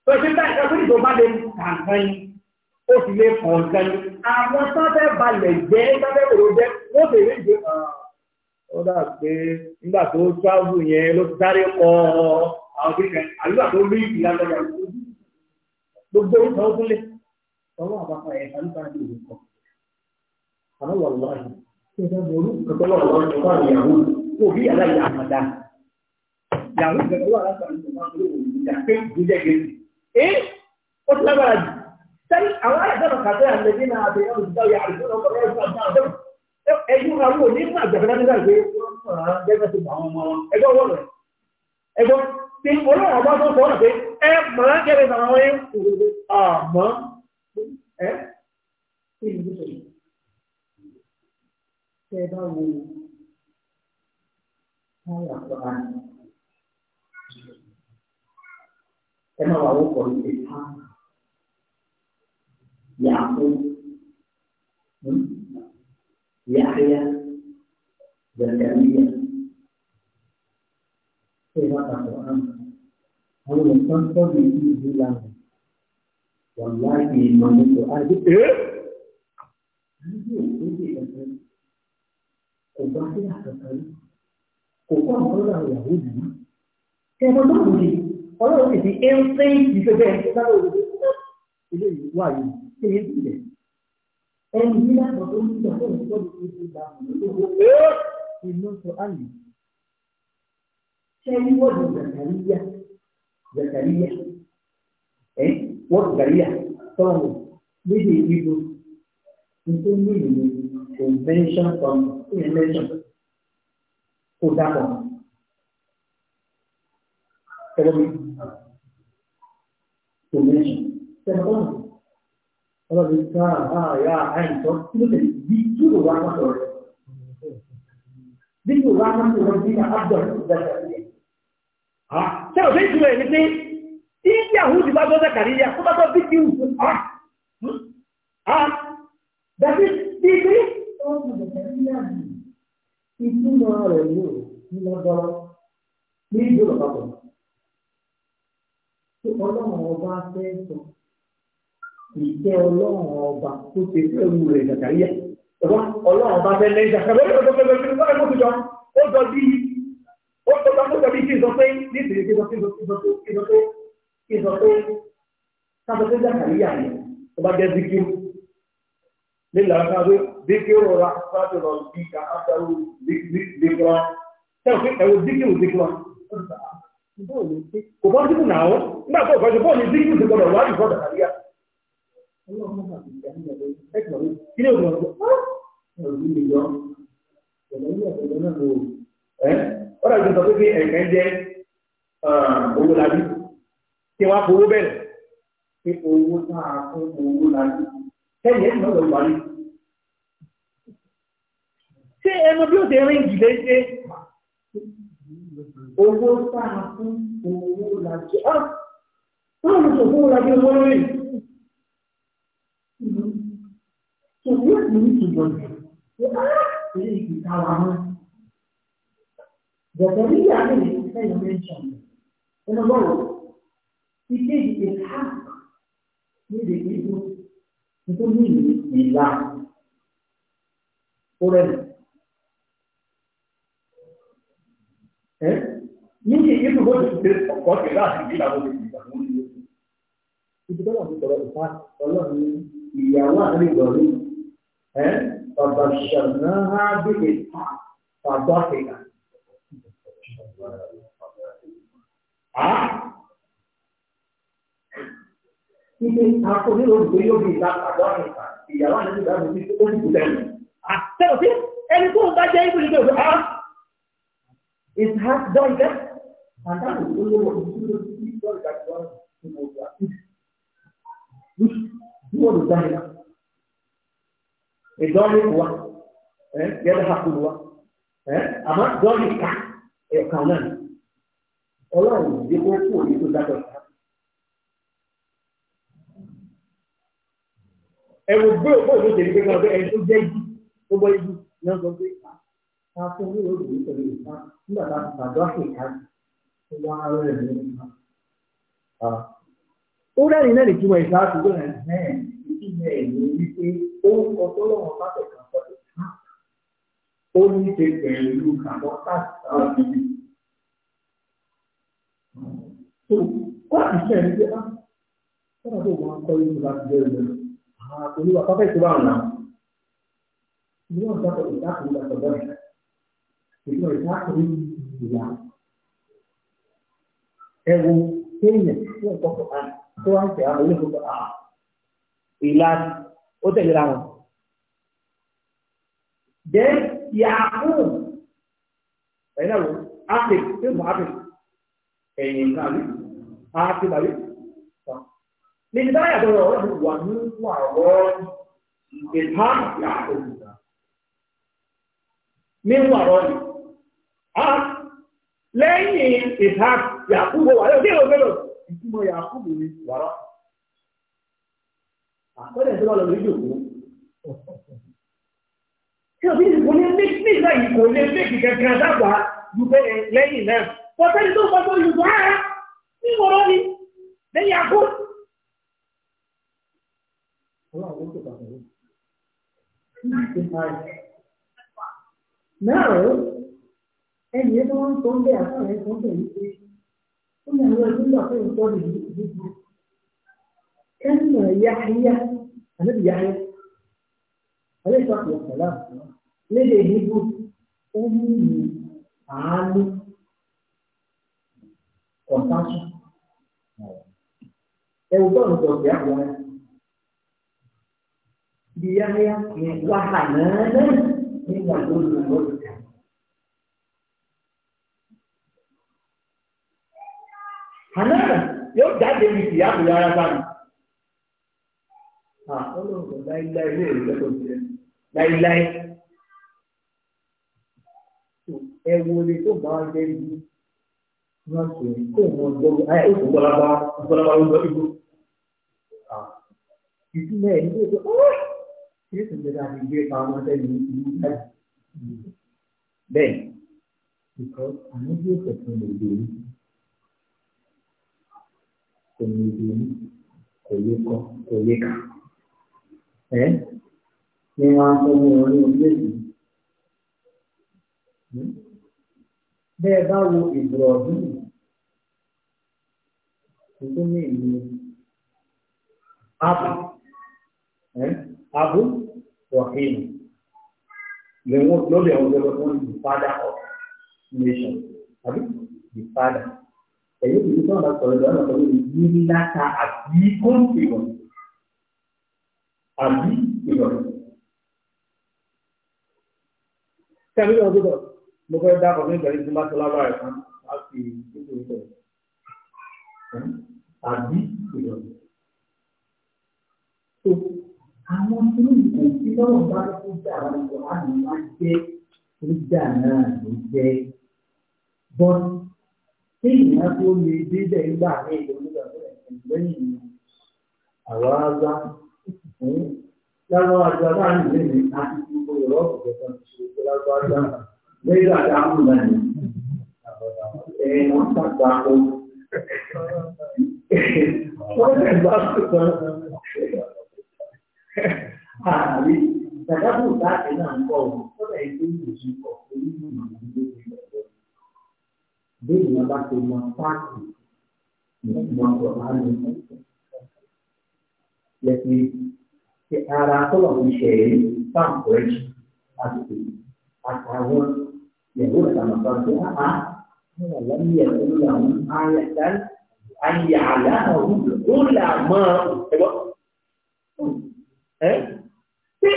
tó ṣe bá ìka fúnni tó bá lè kàǹkan yín ó sì lè kọ̀ọ̀kan yín àwọn sábẹ́ balẹ̀ jẹ́ sábẹ́ òru jẹ́ wọ́n sì lè jẹ́ ah, ó dà pé nígbà tó ṣáàbù yẹn ló sáré kọ àwọn kíkẹ́ àlùbà tó rí ìlànà gbogbo ìtàn ó tún lé tọ́lọ́ àbáfà ẹ̀ kálífà ní ìlú kan àmọ́ wà lọ́wọ́ yìí tí ẹ bá mọ orú kọ́tọ́lọ́ ọ̀rọ̀ ìjọba ìyàwó kó bí aláìyá àmàdá ìyàwó ìgbẹ́kọ̀ọ́ aláṣà ní ìjọba ìjọba ìjọba sẹ́ni àwọn àgbẹ̀rún kàtẹ́ àlejò náà àti ẹ̀rọ ìgbà yà àlejò náà ọ̀rọ̀ ẹ̀rọ ìgbà náà ẹ̀yún ra wo nínú àgbẹ̀rún nígbà pé wọ́n rán gẹ́gẹ́ sí àwọn ọmọ wọn ẹgbẹ́ wọ́n rẹ̀ ẹgbẹ́ tí olóòrùn bá tó sọ ọ́nà pé ẹ mọ̀ á gẹ́gẹ́ sí ẹ́ kí ni ló sọ̀rọ̀ tẹ́ ẹ bá wo káyà kọ́ra ni ẹ máa wà ó kọ̀ ní ìta yàgò yàgò zakariya tẹ́ ẹ bá kà kọ́ra àwọn nǹkan tó lè fi ìlú lánàá wàláhì ìmọ̀ nípa àìdí pé kò bá sí àkàkàrí kò kọ́ àwọn ọlọ́run àwọn ìyàwó ìdùnnú ẹ̀mọ́ náà lè ọlọ́run sì fi ẹ̀ńpẹ́ ìfẹ́fẹ́ lábẹ́ òde ilé yìí wà yìí kí ni ìbílẹ̀ ẹni yìí lápapọ̀ tó ń bí ọ̀pọ̀ ìfọ́dù tó ti gbà ìlú sọ àlè ṣé ìwọ́dù Zakariya Zakariya ẹ̀ wọ́ọ̀dùgbàríyà tọ́ọ̀mù méjì ìbò nítorí méjì ni kò mẹ́ńṣán tọ́ọ̀mù kò yẹn mẹ́ńṣán kò dàpọ̀ tẹ́lẹ̀mí kò mẹ́ńṣán tẹ́lẹ̀mí ọlọ́dún ká àyà àìsàn kí ló tẹ̀lé bí kí ló wá sọ̀rọ̀ rẹ̀ bí kí ló wá sọ̀rọ̀ rẹ̀ bí kí ló wá sọ̀rọ̀ rẹ̀ bí kí ló wá sọ̀rọ̀ rẹ̀ bí kí ló wá sọ̀rọ̀ rẹ̀ bí kí ló wá sọ̀rọ̀ rẹ̀ bí kí ló wá sọ̀rọ̀ rẹ̀ bí kí ló wá sọ̀rọ̀ rẹ̀ bí kí ló wá sọ̀rọ̀ rẹ̀ bí kí ló wá sọ̀rọ̀ rẹ̀ bí kí ló wá sọ̀rọ̀ rẹ̀ bí kí ló wá sọ̀rọ̀ rẹ̀ bí kí ló wá sọ̀rọ̀ rẹ̀ bí kí ló wá sọ̀rọ̀ rẹ̀ bí kí ló wá sọ̀rọ̀ rẹ̀ bí kí ló wá sọ̀rọ̀ rẹ̀ Ibi àwọn ìbá tó Zakariya, tó bá tó bí kí ìwò ọ̀rá. A dàbí bí bí ìtumọ̀ rẹ̀ yóò ní lọ́dọ́rọ́ ní ìjọba papọ̀. Tí ọlọ́run ọba fẹ́ sọ, ìjẹ́ ọlọ́run ọba tó ṣe fẹ́ wù rẹ̀ Zakariya. ọlọ́run ọba fẹ́ lẹ́yìn Zakariya. Ó lọ́dọ̀ bẹ́ẹ̀ bẹ́ẹ̀ bẹ́ẹ̀ bẹ́ẹ̀ ó jọ bí ó jọ bí kí n sọ pé ní ìṣèlérí kí n sọ pé kí n sọ pé kí n sọ pé kí n sọ pé káàtó pé zakariya ni tó bá jẹ́ zikiru nílẹ̀ ọ̀sán pé zikiru ra sáàtì lọ bí ká áfẹ́rù zikiru sẹ́wọ̀n pé ẹ̀wọ̀ zikiru zikiru kò bọ́ zikiru náà ó nígbà tó kọjú bọ́ọ̀ ni zikiru ti gbọdọ̀ wáyé fọ́ zakariya. kí ni o gbọdọ̀ ọ̀rọ̀ ìjọba pé ẹ̀kẹ́ jẹ́ owó lajú kí wọ́n fowó bẹ̀rẹ̀ pé owó náà fún owó láyé tẹ́lẹ̀ ẹ̀ lọ́dọ̀ wà ní. ṣé ẹnu bí ó ti rìn jì léṣe owó náà fún owó láyé ọ́ wọ́n lè owó láyé owó lórí. Ṣèlú ìlú ìtìjọba ṣe á ṣe ìtàwá mọ́. Bẹ̀rẹ̀ ní ìyá mi ní ìfẹ́ ìlú ẹ̀ṣọ́ Ẹnu bọ́ọ̀lù ìkéjì ìhà níbi ìlú tó ní ìlà kúrẹ́ ẹ̀ níbi ìlú bó ti ṣe ọ̀pọ̀ tẹ̀lé àti ìlà bó ti ṣe ìgbà wọn ní oṣù ibi tó wà ní sọ̀rọ̀ ìfà ọlọ́run ìyàwó àárín ìgbọ̀nrín ẹ̀ bàbá ṣàná á bèèrè bàbá Ah! ilé ìtako nílò olùgbé yóò di ìta àgbọ̀ àyìnká ìyàwó àti ìgbà mi ti tó ní ìbùdó ẹ̀mí. àtẹ̀wò sí ẹni tó ń bá jẹ́ ibùdó ìgbà òjò á. it has done that and that is the way of the story that God is going to do. which do what is done now. wa ẹ̀rù gbé òkú òní tèmi pé kí ẹni tó jẹ́ ibi tó bọ́ ibi náà sọ pé ká ah, fún mi lórí ìwé tẹ̀lé ìta nígbà tá a ti bàjọ́ àfẹ́ká tó wá rẹ̀ ní ìta. Ah. ó rẹ́rìn náà nìtumọ̀ ìta tó gbọ́n ẹ̀ bẹ́ẹ̀ ìtumọ̀ ẹ̀ ní wípé orúkọ tó lọ́wọ́ pátẹ̀ kan pọ̀ ká ó ní ṣe pẹ̀lú àbọ̀ káàkiri. tó kó àtúnṣe ẹ̀ ní pé á ah, kọ́nà tó máa kọ́ ìtura ti Olúwa ah, pápá ìtura ọ̀nà. Ilé ọ̀sán kò ní láti lọ sọ̀dọ̀ rẹ̀. Ìlú ìta kò ní ìyá. Ẹ wo kéèyàn tí ó kọ́kọ́ à tó wá ń tẹ̀ àwọn olóògbé à. Ah, ìlà ó tẹ̀lé ra wọn. Jẹ́ yàkú. Ẹ̀yin náà wo, ápè, ṣé mo ápè? Ẹ̀yìn kan àbí? Ápè bàbí. Nidaya da wani wani waron ita ya ƙunga. Min waron a lẹ́yìn ita ya ƙunga wa yau zai lọ́gbẹ̀lọ́ ìtumọ̀ ya ƙunga ni waron. Àkọ́lẹ̀ tí wọ́n lọ lórí òkú. Tí o bí kò ní nígbà yìí kò ní méjì kankan dábàá ju pé lẹ́yìn náà. Bọ̀tẹ́ni tó fọ́ sórí ara ní wọ́rọ́ ni lẹ́yìn àkókò ọlọ́run ló tó bàbá yìí ti parí. náà ẹnì yẹn tó ń sọ ń bẹ àtàwọn ẹ̀ sọ ń bẹ yìí ó ní àwọn ẹgbẹ́ náà fẹ́ẹ́ sọ ní ìdíje kẹ́nu yáyá àlejò yáyá àlejò àpò ọ̀sẹ̀lá lédè ìdíje ó mú mi àánú kọ̀ọ̀tà sùn. ẹ bọ́ọ̀lù tó ọ̀sẹ̀ àwọn ẹ̀ dia yang wahana dengan dulu Hana yóò jáde ní ìyá mi rárá báyìí. Ọlọ́run láíláí ní èrò lẹ́kọ̀ọ́ sílẹ̀. Láíláí. Ẹ wo ni tó bá ń lẹ́nu wọ́n sọ ní kó wọn gbọ́ ayé òkú gbọ́lábá gbọ́lábá ló gbọ́ ibú. Ìtumọ̀ ẹ̀ ní pé ọ́ yóò sì gbéra ní gbé pamọ́ sẹ́yìn ìlú náà. bẹ́ẹ̀ ìkọ́ àwọn yóò fẹ̀sùn lè dé ní kò lè dé ní kò lè kọ́ kò lè kà. ẹ ní wọn á fọwọ́ wọn ní orílẹ̀-èdè. bẹ́ẹ̀ bá wo ìbò ọ̀dún Abu Rahim. Then what Lord the one is the father of nation. Àbí the father. Ẹ̀yẹ́ kìí sọ ọ̀dà sọ̀rọ̀ ìdáná pẹ̀lú ìlú láta àbí kọ́ńtìwọ̀n. Àbí ìrọ̀lẹ́. Kẹ́mi náà gbọ́dọ̀ mo fẹ́ dá ọ̀gbìn ìgbà yìí tí máa tọ́lá báyìí kan láti nítorí bẹ̀rẹ̀. Àbí ìrọ̀lẹ́ àwọn tí ó kò sí lọ́wọ́ bá kó jà àwọn ọ̀rọ̀ àmì máa jẹ́ ìjà náà ló jẹ́ bọ́n tí ìyá tó lè débẹ̀ gbà ní ìlú nígbà tó ẹ̀sìn lẹ́yìn àwa wá fún láwọn àjọ aláàánú lẹ́nu àti gbogbo ìrọ̀ ọ̀pọ̀ kan ti ṣe lágbára dáhùn lẹ́yìn àti àwọn ìlànà ẹ̀ wọ́n tàgbà ó. wọ́n tàgbà ó kan àárí ìgbàdàbò báàgì náà ń kọ ọ̀hún sọ́dọ̀ ẹgbẹ́ ìgbésí kọ̀ orí ìmọ̀ ní ilé ìgbà lọ. Bẹ́ẹ̀ni wọn bá ti mọ páàkì ìmọ̀ ọ̀rọ̀ àmì lẹ́sìn ṣe ara tọ́lọ̀ ń ṣe é fáàmù rẹ̀ àti àtàwọn ìyàwó ìtàmọ̀tà tó áhà ní àlàyé ẹ̀kọ́ làwọn ayẹ̀dá ayẹ̀dá àwọn olùlàmọ́ ẹ̀gbọ́n. Tí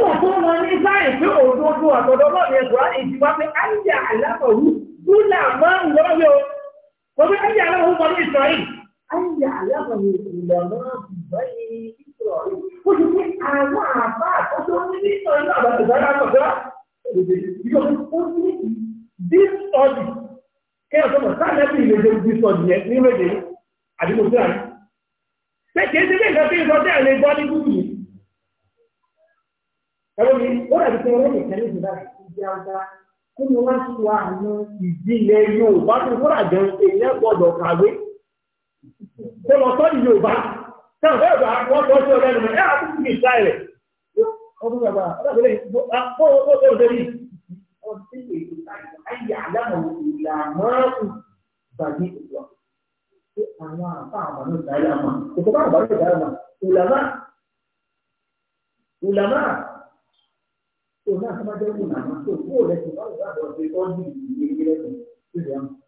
kò tó mọ ní sáì pé òdodo àtọ̀dọ̀ náà ni ẹ̀kọ́ láti ìdíwá pé Áyà àlámọ̀wú Dúlà máa ń lọ́yọ̀. Mo fi Áyà àlámọ̀wú kọ ní Ìsọ̀rí. Áyà àlámọ̀wú ìlọ̀ náà ti báyìí Ìsọ̀rí. Ó ti pé àwọn àbá àtọ́jọ́ ní Ìsọ̀rí náà bá ti sára àtọ̀jọ́. Ó ní dísọ̀dì. Kẹ́yọ̀ sọ̀rọ̀ sáà lẹ́bí ìlẹ́jọ́ dísọ̀dì yẹn ní ìrèdè àdúgbò síra. Pé kìí ẹ̀rọ mi ó dàbí pé ẹ̀rọ nìkan ní ìgbà ìdí ọjà kó ni wọ́n sọ àwọn ìdílé Yorùbá tó kó dàbí èèyàn gbọ́dọ̀ kàwé tó lọ sọ́ọ̀dì Yorùbá táwọn bẹ́ẹ̀ bá wọ́n tọ́ sí ọ̀rẹ́ nìyẹn ẹ̀ àti kìí ṣá rẹ̀ ọdún bàbá ọdún bàbá ọdún bàbá àwọn àfa àbànú ìdáyà mà ìkọ́kọ́ àbànú ìdáyà mà ìlànà ìlànà So now somebody will not so go let you know that was the only relation to them.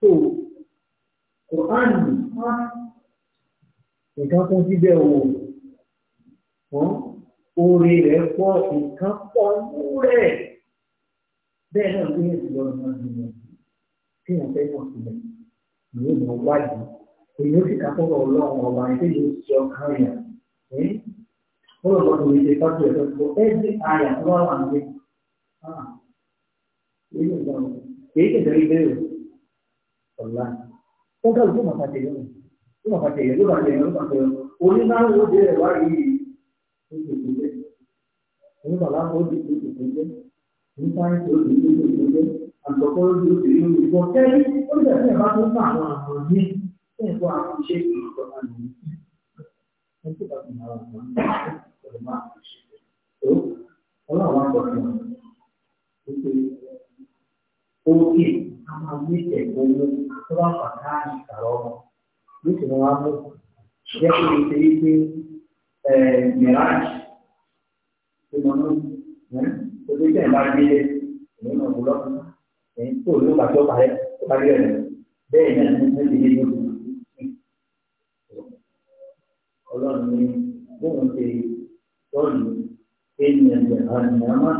So Quran nǹkan tó ń fi bẹ́ẹ̀ wò wọ́n oore rẹ̀ pọ̀ nǹkan pọ̀ bẹ́ẹ̀ náà ló yẹ ìlọ ìmọ̀ ìmọ̀ kí wọ́n fẹ́ mọ̀ sílẹ̀ ìmọ̀ wáyé èyí ó sì kápọ̀ ọlọ́run ọba ẹgbẹ́ yóò ṣe Kalau mau duit cepat ya, kalau eh ayah kalau ambil, ah, ini dong, ini dari dia, Allah. Kau kalau cuma pakai dia, cuma pakai dia, cuma pakai dia, cuma pakai dia. Orang nak mau dia lagi, ini malah mau duit duit ini saya duit duit duit, atau kalau duit duit duit, kau cari, kau dah ni baru nak orang ni, ni kau ambil cek kau ambil. Nanti tak pengalaman, rumah, itu, kalau orang berkata, itu, oke, sama ini cekumu, kurang pakai kalau, ini semua aku, eh, miraj, itu mana, ya, itu itu yang ini mau pulang, ini pun lu kacau kaya, kaya, dia ọlọ́run ní bóun ṣe tọ́lù ènìyàn jẹ̀hán ní a máa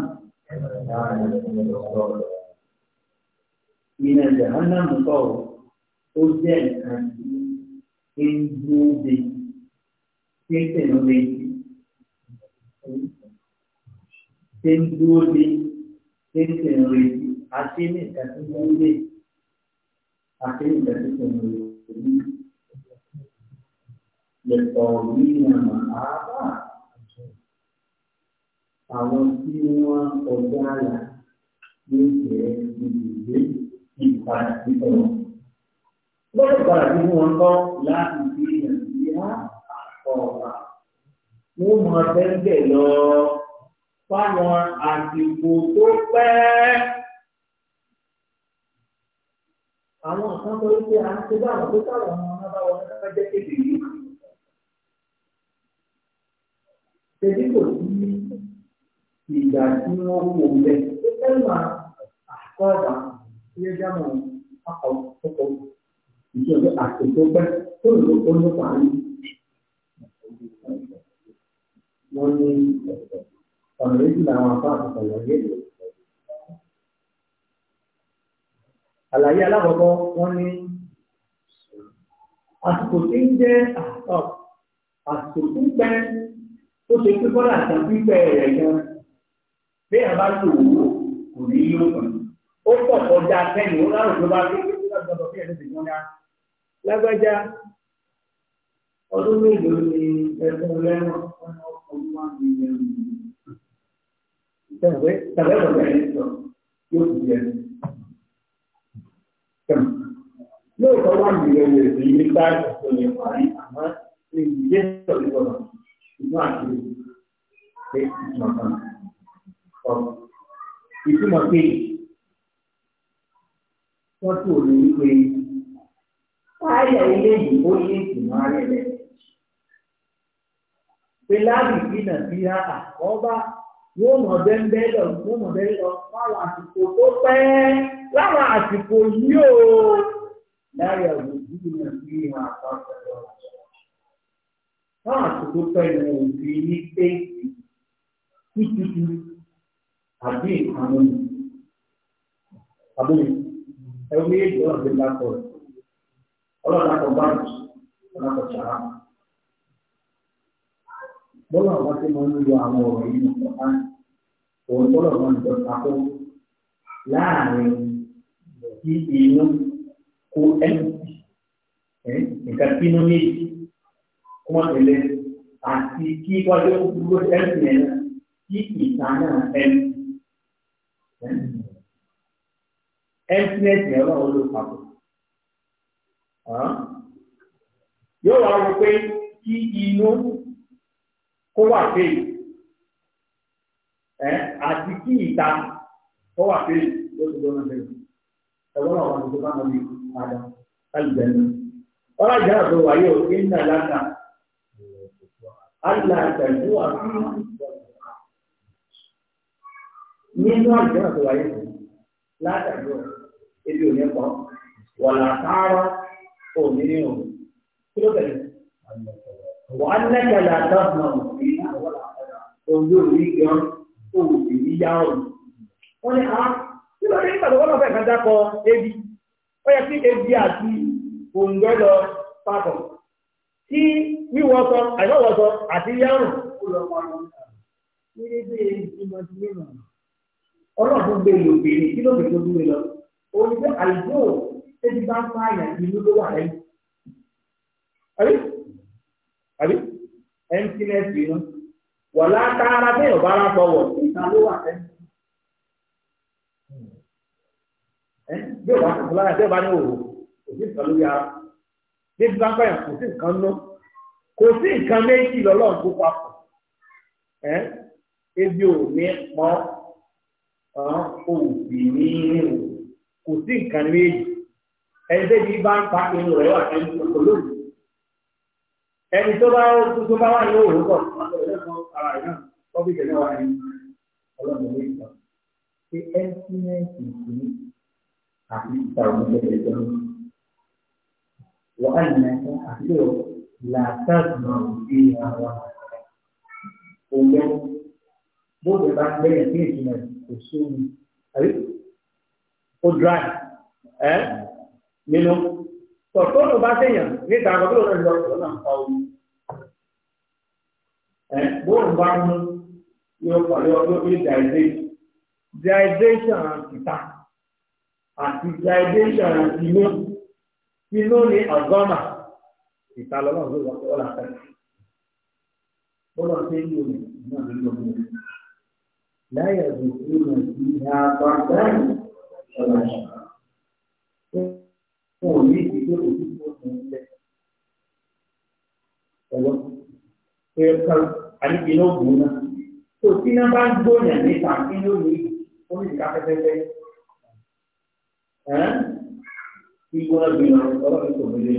dáhà lọ́wọ́ ìnà jẹ̀hán náà mú sọ̀rọ̀ ó jẹ́ nǹkan tí ń dúró de tí ń tẹ̀lé de tí ń dúró de tí ń tẹ̀lé de àti ní ìdásílẹ̀ àti ní ìdásílẹ̀ لقومنا هذا àwọn tí wọ́n kọjá àlà yóò jẹ́ ibùgbé ìpadà títọ̀ wọn. lọ́dọ̀ padà tí wọ́n kọ́ láti fi èèyàn sí á àkọ́ọ̀bà. wọ́n máa bẹ́ńbẹ̀ lọ fáwọn àsìkò tó pẹ́. àwọn kan sọ wípé à ń tó sáwọn ọmọ náà bá wọn ká jẹ́ kéde yìí. ṣebí kò sí ìgbà tí wọ́n wò lẹ̀ ṣé ẹ̀wà àkọ́ọ̀dà tí ẹ jámọ̀ akọ̀kọ̀ ìjọba àtẹ̀tẹ̀ pẹ́ tó lò ó ní parí. wọ́n ní ọ̀nà méjì làwọn afá àtọ̀tọ̀ wọ̀nyé. àlàyé alákọ̀ọ́kọ́ wọ́n ní àsìkò tí ń jẹ́ àsìkò tí ń pẹ́ ó ṣe pé kọ́lá àti pípẹ́ rẹ̀ gan bí a bá lò ó kò ní yóò kàn ó pọ̀ kọjá sẹ́yìn ó lárò tó bá dé kí ó gbọdọ̀ bí ẹni tìjọ́ ya lágbájá ọdún mélòó ni ẹ̀fọn lẹ́wọ̀n ọ̀nà ọkùnrin wà ní ẹ̀rù tẹ̀wé tẹ̀wé tẹ̀wé ẹ̀ sọ yóò kù jẹ́ lóòótọ́ wà ní ẹ̀rù èyí ní báyìí ọ̀sẹ̀ àmọ́ ní ìdíje sọ̀rọ̀ ṣùgbọ́n àkìlẹ̀ pé ìtumọ̀ kan ọ̀rọ̀ ìtumọ̀ pé wọ́n tó lè wí pé ayẹ̀ ilé ìdìbò ilé ìgbìmọ̀ ayẹ̀ rẹ̀ pé láàbì dínà sí àkọ́bá yóò mọ̀ bẹ́ńbẹ́ lọ yóò mọ̀ bẹ́ńbẹ́ lọ fáwọn àsìkò tó pẹ́ láwọn àsìkò yìí ó láyà òdìdí náà sí káàtó tó pẹ́ ní òfin ní téèkì ní tútù àbí nǹkan mímu àbúrò ẹ̀rọ méjèèjì ọ̀rọ̀ ti dákọ̀ rẹ̀ ọlọ́run dákọ̀ báyìí ọlọ́run dákọ̀ sàrà. bọ́lá àwọn tí wọ́n ń lo àwọn ọ̀rọ̀ yìí nìkan báyìí òun bọ́lá wọn jọ takó láàrin kí inú kó ẹnu nǹkan kí inú méjì wọ́n tẹ̀lé àti kí wọ́n yóò dúró ẹ̀sìn ẹ̀ kí ìta náà ẹ̀sìn ẹ̀sìn ẹ̀sìn ẹ̀rọ olùpapọ̀ yóò wá wọ pé kí inú kó wà pé ẹ àti kí ìta kó wà pé lóṣù tó náà bẹ̀rẹ̀ ẹ̀wọ́n náà wà ní tó bá ní padà alùpùpù ọlọ́jà àti òwàyò ìnà lásán. Allah dan dua nínú àjọ àti wáyé látàjọ ebi ò ní kọ wàlà tààrà ò ní ní o kí ló bẹ̀rẹ̀ wàá lẹ́kẹ̀lẹ́ àtàkùn ọ̀hún sí àwọn ojú òní gan òòlù yíyá ọ̀hún. wọ́n ní ah, àwọn tí tí wíwọ́sọ àìwọ́wọ́sọ àti yárùn ọlọ́run gbé lò bèrè kí ló fi tó dúró lọ òun ni pé àìgbò ebi bá ń fa àyàn inú ló wà lẹ́yìn àbí àbí emptiness inú wà látara téèyàn bá rà sọ̀wọ̀ níta ló wà lẹ́yìn bí òun bá ń sọ̀rọ̀ lára tẹ́ẹ̀ bá ní òwò òfin ìsọ̀lóyà débi bá ń pààyàn kò sí nǹkan ná kò sí nǹkan méjì lọ́lọ́run tó papọ̀ ẹ́ ebi ò ní pọ́n ọ̀hún òbí ní ìrìn kò sí nǹkan méjì ẹni débi bá ń pa inú rẹ̀ wà ẹni tó kọ lónìí ẹni tó bá tó bá wà ní òòrùn pọ̀ ara rẹ̀ náà wọ́n fi tẹ̀lé ní ọlọ́run ní ìtàn ṣé ẹ́ńtínẹ́ẹ̀tì ní àti ìta òmùgbẹ́lẹ̀ jẹun. وأنك أخيرا لا تضمن فيها وحدك ومن بوجه بعد ذلك في من أصول أي قدرات أه منهم tọ̀tọ́nù bá tẹ̀yàn níta àgbàdo náà lọ sọ̀rọ̀ náà pa omi ẹ̀ bóun bá mú yóò pàlẹ́ ọdún ní dehydration dehydration àti ta àti dehydration àti inú inú ni ọ̀gọ́mà ìtàlọ́lọ́ ló wà ọ́ làtà bọ́lá ṣe ń lò ní náà ló lò ní láyà ló ṣe mọ̀ sí ìhà pàtàkì ọ̀là ṣàkà fún òní ìdílé òní tó ń lẹ̀ ẹ̀wọ́ pé ká àdìgbì náà gùn náà tó tí náà bá ń gbóyàn nípa kí ló ní oníṣìkà pẹ́pẹ́pẹ́ ìgbọ́n gbìyànjú ọlọ́run tó gbé lé.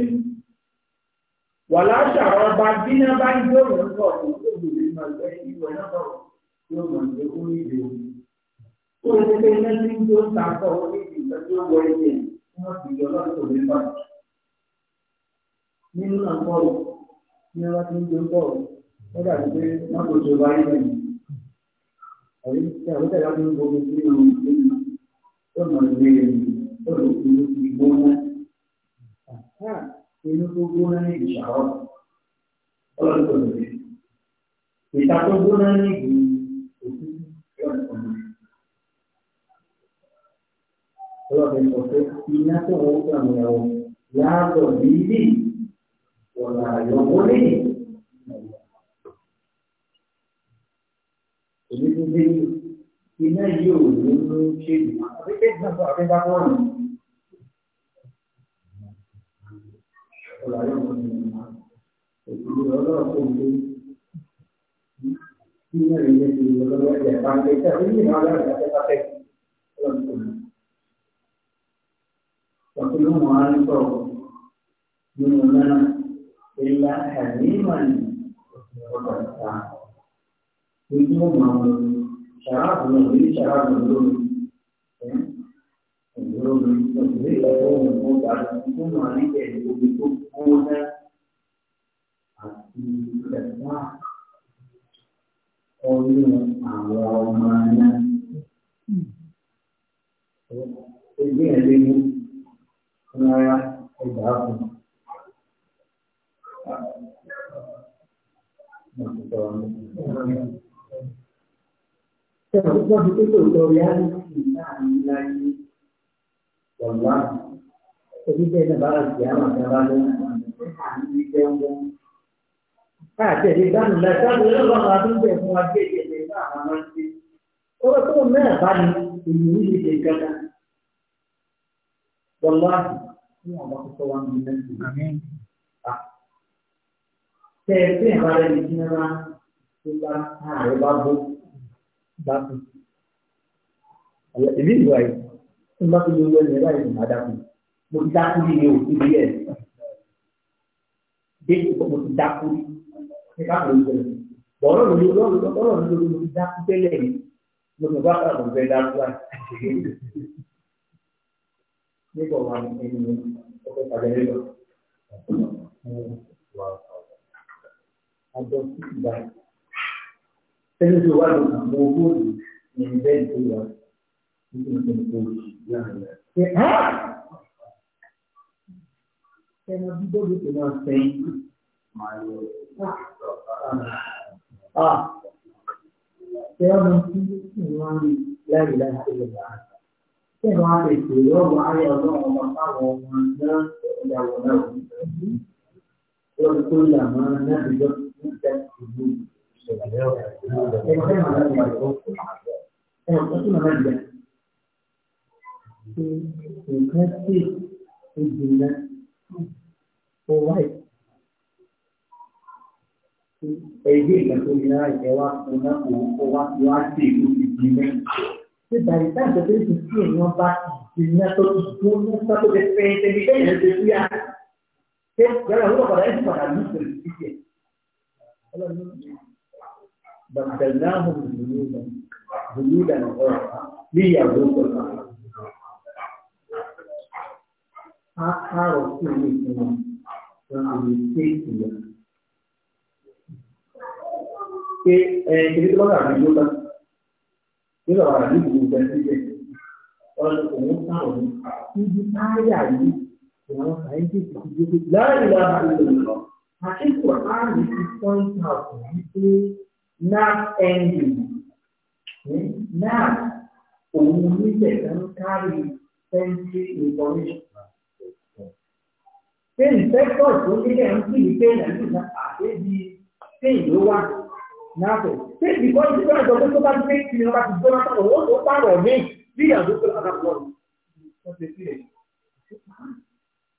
wà láṣà ọba bíná bá ń gbòòrò ń bọ̀ tó gbòòrò ní ma gbẹ́ ìwẹ̀ náà bọ̀ yóò mọ̀ ní kó ní ìdè. ó lè ṣe iná tí ń tó ń ta pọ̀ ó ní ìgbà tí ó wọ ilé wọn sì yọ ọlọ́run tó gbé bá. nínú náà pọ̀ ní wọ́n ti ń gbé pọ̀ ó dàbí pé wọ́n kò ṣe wáyé lẹ́yìn. àbí tí àwọn tẹ̀lé wọn ń gbogbo sí ìlú yóò lọ́dọ̀ inú ti gbóná àtà inú tó gbóná ní ìṣàwọ́ ọlọ́dọ̀ rẹ̀ ìta tó gbóná ní ìgbì òkú ọlọ́dọ̀ rẹ̀ ọlọ́dọ̀ sọ pé iná tó wọ́n gbà mí ọ̀ yàtọ̀ níbí wọ̀nà àyọ̀wọ́ Èmi tó dé yìí iná yóò ní mú ṣe ìwà pípé náà tó àfẹ́dá wọ́ọ̀nù. Ọ̀làyọ̀ kan ní ìlú òṣèlú ọlọ́run tó ń gbé. Iná rẹ̀ yẹ ti ọlọ́run ẹ̀jẹ̀ bá ń gbé tẹ́ orí ìlú ọlọ́run ìdájọ́ bá tẹ̀. Ọlọ́run tó ń Waktu lu mau anto, gimana? Bila haniman, berkata, itu mau syarat menjadi syarat belum belum menjadi atau mengubah hukum mari dari hukum punya hati dasar oleh awal mana ini ada ini saya tidak Thank you. Sebab itu itu tutorial kita lagi Allah. Jadi dia nak balas dia macam balas. Ha, jadi kan lepas dia orang lain dia semua dia dia dia amal si. Orang tu mana bani ini dia kata. Allah, ini Allah seorang bintang. Amin. Saya pun ada di sini lah. Kita harus bagus dákun ìlú ìwà yìí bá tún lórí ẹni láì má dákun mo ti dákun yìí ní òkú bí ẹ dé mo ti dákun ní káàkiri ìjọba bọ̀rọ̀ lórí ọlọ́run lọ́rọ̀ lórí mo ti dákun tẹ́lẹ̀ yìí mo ti bá kàrà mo dákun wá nígbà wà ní ẹni ní ọkọ ìpàdé lọ. Àjọ sí ìgbà yìí. Pero yo algo tampoco me invento ya. Ah! Tem uma vida que não tem. Ah! Tem uma vida que não tem. Lá, lá, lá. Tem uma vida que não tem. Eu não vou passar uma vida. Eu não vou passar uma vida. Eu não vou passar uma vida. Eu não vou passar uma vida nǹkan tí ìjìnlẹ̀ ó wáyé ẹgbẹ́ ìgbà tó ní lára ìjẹ́ wá fún náà kó wá sí wá sí ìlú ìjìnlẹ̀. ṣé bàrí táàgbà tó ti sí èèyàn bá ìjìnlẹ̀ tó ti tó ní sábà tó ti fẹ́ ẹni bẹ́ẹ̀ ló ti fi yá. ṣé yàrá òun lọ padà ẹ̀sìn padà ní ìpèsè ìjẹ́. ọlọ́run ní ìjìnlẹ̀. بدلناهم جنودا جنودا غيرها ليذوقوا العذاب أعرف منكم وعن السيئة que eh, quería trabajar en Utah. Yo trabajaba en Utah, así que ahora como un sábado, y yo estaba ahí, y vamos a ver si yo fui la de la de la Aquel Corán dice, point out, dice, not ending. Okay? Not òun níbẹ̀ tó ń kárí sẹ́ńtì information. Ṣé ìfẹ́tọ̀ tó nílẹ̀ ń pè pé Nàìjíríà àti ibi ṣé ìlú wà náàtọ̀? Ṣé ìkọ́ ìṣúná ìjọ tó bá gbé kí ni wọ́n bá ti gbóná sọ̀rọ̀ owó tó pààrọ̀ mí bí ìyàwó tó lọ́dà pọ̀ ní. Wọ́n ti fi rẹ̀.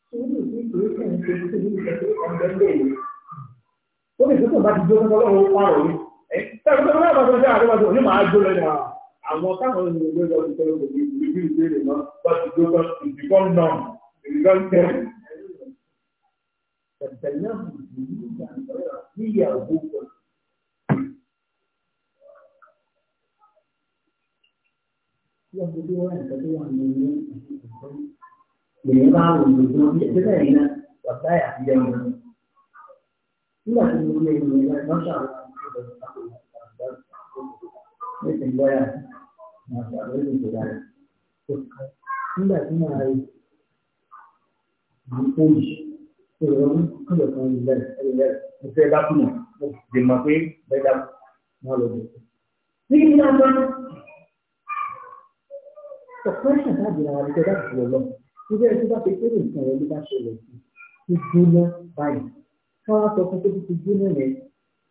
Ṣé ìlú ìgbésẹ̀ ń ṣe ìṣèlú ìṣẹ̀lẹ̀ ọ̀gbẹ́ndẹ̀ yìí? Ó lè fi tó bá ti gbóná sọ̀rọ̀ owó pààrọ̀ mí. Àwọn táwọn ènìyàn ló lọ sí tẹ́lẹ̀ kò ní ìlú ìbéèrè náà bá ti gbé bá ti dìbọ́ náà ìrírá ń tẹ̀. Ẹ̀bẹ̀ náà kò sí ní ìgbà níyàwó pọ̀. Wọ́n ti dé wá ìgbà níbi lọ́yà àti àwọn olùdó dára. nígbà tí màá rí àpò yìí tó lọ ní kọlọ̀ kan ilẹ̀ ilẹ̀ mo fẹ́ dákúnà mo dè mọ̀ pé bẹ́ẹ̀ dákú wọn lọ bẹ̀. níbi ní ọgbà ọ̀pọ̀ ẹ̀ṣẹ̀ tàbí àwọn àdìgbẹ́ dákú lọ lọ nígbà tí bá fi kéré nǹkan rẹ̀ ló bá ṣẹlẹ̀ sí i gbóná báyìí káwá sọ fún pé ti gbóná yẹn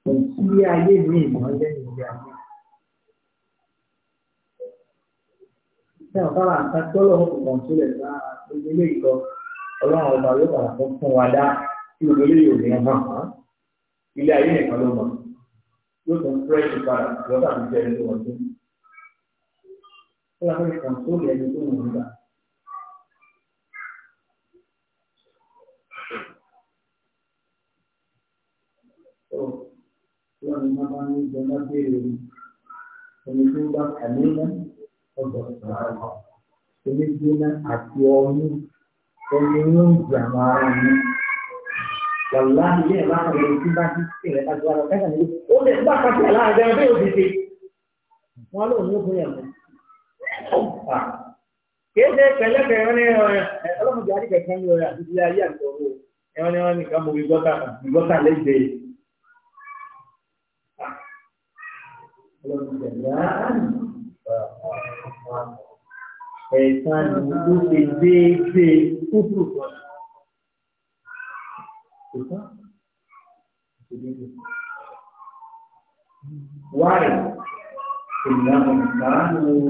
kò sí ayé mi ìmọ̀ lẹ́yìn ilé ayé. náà kára nǹkan tí ọlọ́run kò kàn sílẹ̀ lára gbogbo ilé ìtọ́ ọlọ́run ọba yóò padà fún fún wa dá tí gbogbo ilé yóò ní hàn án ilé ayé nìkan ló mọ̀ yóò tún fúrẹ́ṣì padà lọ́tà tó jẹ́ ẹni tó wọ́n tún. ó yà fẹ́ kàn sóòlù ẹni tó wọ́n gbà. Ọlọ́run máa ń jẹ́ máa béèrè ẹni tó ń bá àmì náà ọ̀dọ̀ ìgbàlá elégbéná àti ọyún ẹni yóò gbà wọn ara yín wàlá ilé ẹ̀ láàrin ẹni tí bá ti sè é láti wá lọ kẹ́kẹ́ ní ó lè bá pàṣẹ aláàbẹ ẹgbẹ́ òdìdí wọn lòun ló fún yẹn mọ́ kìí ṣe pẹ̀lẹ́pẹ̀lẹ́ wọn ní ọlọ́mọdé àdìgẹ̀kẹ́ ní ọ̀rẹ́ àti ilé ayé àti ọ̀rọ̀ ẹ̀wọ̀n ni wọ́n nìkan mọ ìgbọ́ta lẹ́gbẹ̀ẹ́. ọlọ́mọdé àdìgẹ̀kẹ́ ẹ̀sán ẹ̀sán ni ó ṣe déédéé kúkúrú kan. Wáyé ìlànà ìdáhùn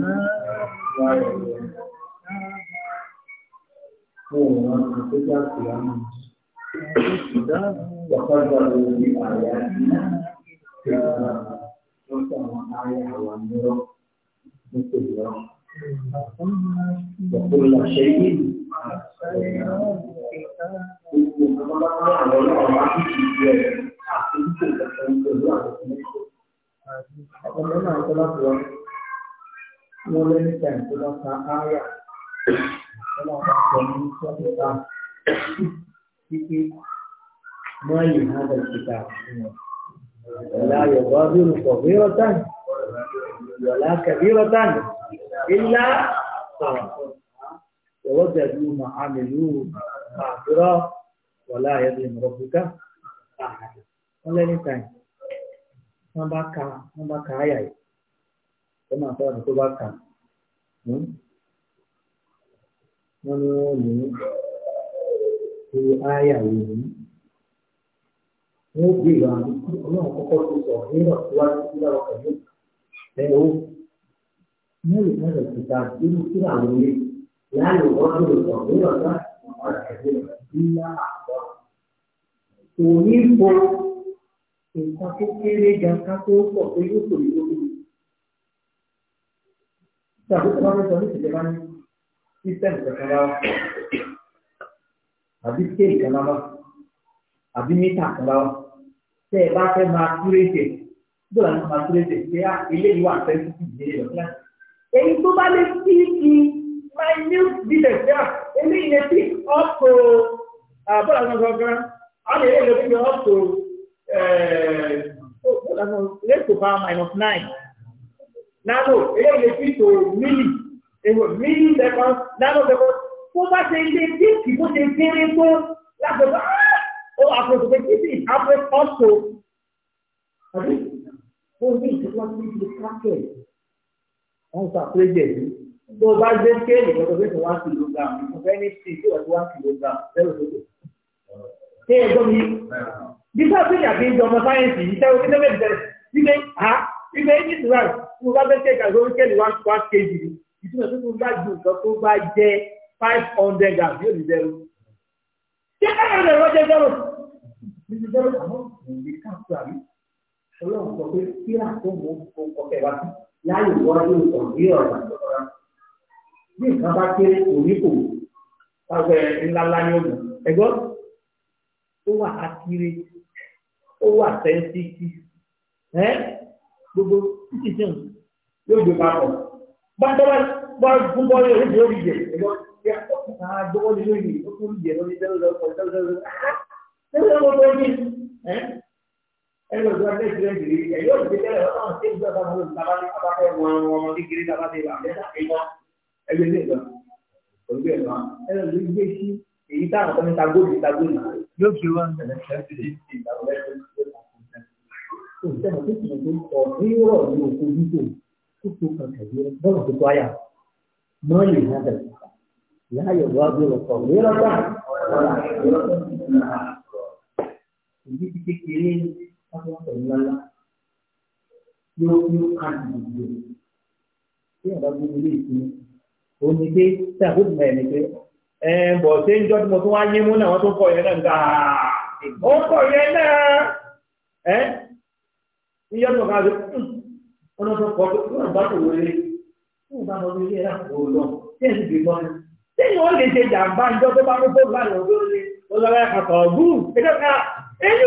wáyé rẹ̀. Wọ́n wọ́n ti tó jáde àmì. وقدروا بآياتنا كتابا وكان آية ومرة مثل يوم وكل شيء Kemudian setelah dua mulai dan setelah saya setelah kami kita kita mulai hal kita لا يغادر صغيرة ولا كبيرة إلا sọ̀rọ̀ ọwọ́ jẹ̀bi mà àmìlú àdúrà wọlé àyẹ̀bí ìmọ̀lọ́bùkà wọn lẹ́ni táyì wọn bá ka wọn bá ka àyà yìí wọn máa sọ̀rọ̀ tó bá ka hmm? wọn ni wọn ní irú àyà yìí wọn bí ìlànà ọlọ́run kọ́kọ́ tó sọ nínú ọ̀síwájú nígbà ọkọ̀ yìí ẹ̀ ó. من هذا الكتاب يمكن عليه لا ọzọ ọzọ èyí tó bá lè sí ti my new business náà èmi ìyẹn pick up to ah, bọ́lá náà gangan a lè lè pick up to eh, bọ́lá náà minus nine nano èyí lè pick to milli èyí milli second nano second tó bá ṣe ilé pick bó ṣe kéré tó lágbègbè ah! ó àpòtò pé kí ni àpòtò ọ̀tò àbí ó ní ìdíwọ́n tó ń kákẹ́ẹ̀ wọ́n sọ àpéjẹ yìí tó o bá gbé kéèlì lọ́dọ̀ fẹ́ẹ́ one kilogram ìfúnfẹ́ ní tí tí wọ́n ti one kilogram lẹ́rù tó tó. ṣé ẹ gbọ́ mi bí bá pèjà fi ń jọ ọmọ sáyẹ́ǹsì yìí sẹ́wọ́n kí lẹ́mẹ̀ẹ́ bẹ̀rẹ̀ wípé à wípé ní ìtura tó o bá gbé kéèlì àti oríkèlì one one kg ìtumọ̀ tó tún bá ju nǹkan tó bá jẹ five hundred grams yóò di zero. ṣé káyọ̀ lè rọ́jẹ́ zero? níbi zero àmọ́ ìgbé káàtó àbí ọlọ́run sọ pé kíláà láì wọ́jú ọ̀gbìn ọ̀rọ̀ àgbọ̀rọ̀ bí nǹkan bá kéré kò ní kò ọ̀gbẹ́ ńláńlá ní ọ̀gbìn ẹ̀gbọ́n ó wà akiri ó wà sẹ́ńsítì ẹ́ gbogbo títí sí ọ̀hún yóò gbé papọ̀ bàtọ́lá bá fún bọ́ọ̀lù yóò di lórí jẹ ẹ̀gbọ́n yà ó kà á gbọ́wọ́ lórí yìí ó tún jẹ lórí tẹ́lẹ̀ lọ́kọ̀ọ́ tẹ́lẹ̀ lọ́kọ̀ọ́ tẹ́lẹ̀ lọ́kọ̀ọ́ ẹni lọ́dún abẹ́ ìgbìyànjú rí ẹ̀ yóò ti tẹ́lẹ̀ ọlọ́run tí ìgbà bá wọn lò tábà ní abáfẹ́ wọn wọn ọmọ kékeré tábà ti rà lẹ́sà ẹ̀yọ́ ẹgbẹ́ ní ìgbà òbí ẹ̀ náà ẹni lọ́dún gbé sí èyí táwọn kan ní tagóòlì tagóòlì yóò fi wá ẹ̀rẹ́ ẹ̀rẹ́ لا يغادر صغيرة ولا كبيرة wọ́n fẹ́ pẹ̀lú lálá yóò yóò káàdì gbogbo tí ìyàbá gbé ilé ìsinmi ó ní pé tí àbúrò mi ní pé ẹ bọ̀ ṣé ń jọ́ mo tún wá mú náà wọ́n tún kọ̀ yẹn náà nígbà ó kọ̀ yẹn náà ẹ iye ọdún ọ̀gá rẹ̀ ọ̀nà tó kọ̀ tó náà bá tó wọlé tó bá lọ sí ilé ẹ̀ kó lọ tí ẹ̀ sì gbé gbọ́n tí ìyẹn ó lè ṣe jàǹbá ìjọ tó bá mú fóònù láàrin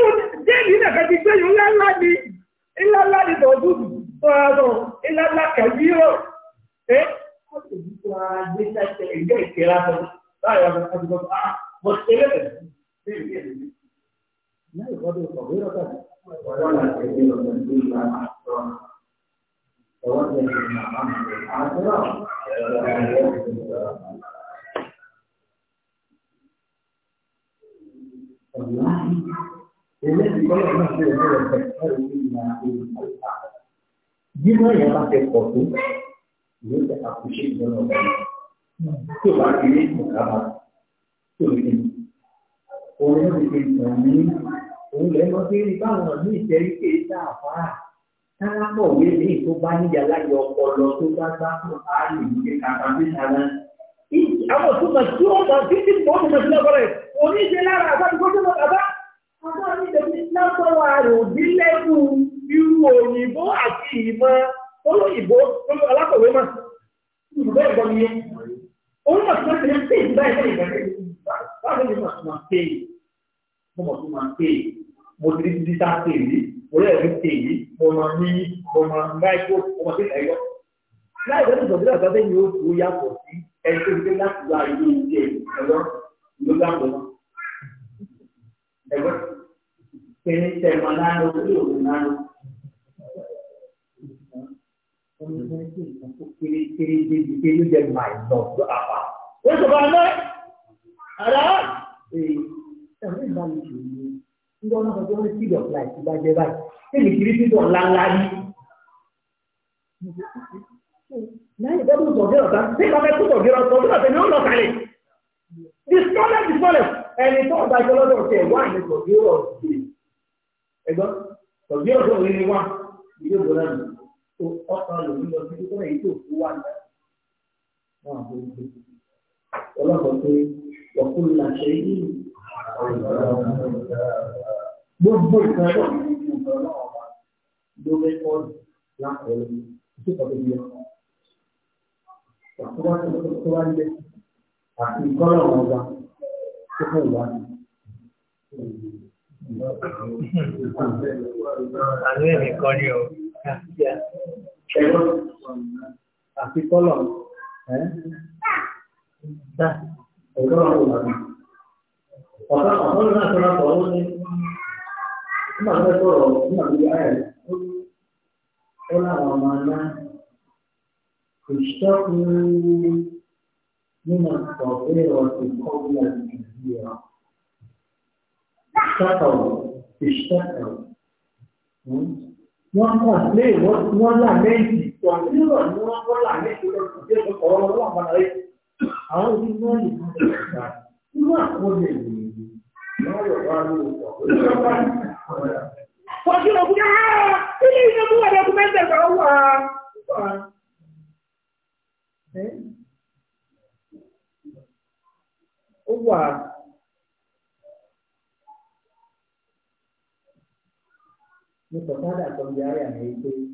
òbí jẹ́ẹ̀lì náà kẹ́ ti gbẹ́yìn ńláńlá ni ńláńlá ni tọ́jú tọ́jú ńláńlá kẹ́bí ó ẹ́ wọ́n ti di ti ara gbé sẹ́sẹ̀ ẹ̀gbẹ́ ìkẹ́ra lọ láì wá lọ́wọ́ ti gbọ́dọ̀ ah mo ṣe é lẹ́sẹ̀ sí ìgbẹ́ ìgbẹ́ náà ìkọ́dọ̀ ìkọ̀wé lọ́tà ní. wọ́n yà á ṣe é lọ́tà ní ìlú àná ẹ̀wọ́n ti ẹ̀ Thank you. Èmi ti kọ́ lọ́wọ́ náà ṣe ìlú rẹ̀ bẹ̀rẹ̀ lórí ìlà ìlú àìsà. Bí wọ́n yẹn bá ti pọ̀ tó, ìwé ti àkùṣe ìjọba ọ̀gá yìí. Tí o bá ti rí ìkà bá, tí o lè ní. Òun ló ti tàn ní òun lè lọ sí báwọn ní ìtẹ́rí pé dáàbáà. Táwọn kọ̀wé ní tó bá níjà láyé ọpọlọ tó bá gbá fún ààyè ìdíje kàkà bí sára. Àwọn òṣùpá tí wọ́n bá títí bọ́ọ̀mù náà sí lọ́kọ̀ rẹ̀, òní ìṣe lára àbá Ọjọ́ nítorí lápọ́wà rò dílẹ́kù irú òyìnbó àti ìmọ̀ olóyìnbó alákọ̀wé mọ̀. Ìgbẹ́ ìgbọ́n yẹn. Òun mọ̀ sí ọ̀sẹ̀ pé ìgbà ìgbà ìgbà báwo ni mo máa pè é? Mo mọ̀ tó máa pè é. Mo ti di dídá pè é. Mo rẹ̀ mi pè é. Mo máa ní mo máa ń bá ẹ̀kọ́ ọmọ sí ẹ̀yọ́. Láì lọ́dún ìgbàgbọ́ àgbàdo yìí ó tó yàtọ̀ sí ẹni tó gbé láti gba ìlú ìjẹ ẹ̀rọ ìlú lágbọ̀n. Ẹ̀gbọ́n kìíní tẹ̀mọ̀ lánàá orí òun lánàá. Wọ́n ní kí nǹkan tó kéré kéré débi pé ló jẹ́ màá lọ sí àpá. Ó sọ fún àná àrà kiri títọ̀ ńláńlá rí. Láyé bọ́dún sọ̀dé ọ̀tá, bí ìbámu ẹ̀kú sọ̀dé ọ̀tá, ọdún àtẹ̀ ni ó lọ kàlẹ̀. The smallest is smallest. Ẹni tó ọ̀dájọ́ lọ́dọ̀ ẹgbọ́n tọ̀bí ọ̀dọ́ òwe ni wà ilé ìbò náà tó ọkàn lòun lọ sí kíkọ́ èyí tó kú wà náà wọn àbò ìgbé ọlọ́pàá pé ọkùnrin làṣẹ yìí gbogbo nǹkan lọ ló fẹ́ kọ́ lápẹ̀lẹ́ tó kọ́ tó yẹ àkókò tó wá lé àti ìkọ́lọ̀ wọn wá tó fẹ́ wá àánú èmi kan ní o àfi kọ́lọ̀ ẹ́ dá ọ̀gá ọ̀gá ọ̀gá ọ̀gá náà sọ̀rọ̀ sọ̀rọ̀ ó ní nígbà tó sọ̀rọ̀ nígbà tó yá ẹ̀ ó láwọn ọmọ náà kò ṣọ́kùn nínú ọ̀gbẹ́ ọ̀sìn kọ́ọ̀bù àti ìdílé ọ̀hún. اشتكوا اشتكوا wọ́n kàn lé wọ́n là méjì kọ̀ǹtínúwà ni wọ́n kọ́ là méjì lọ́dún tí ó kọ̀ ọ́ lọ́wọ́ àpàdà rẹ̀ àwọn ojú wọ́n متفادع طبيعي يعني يقول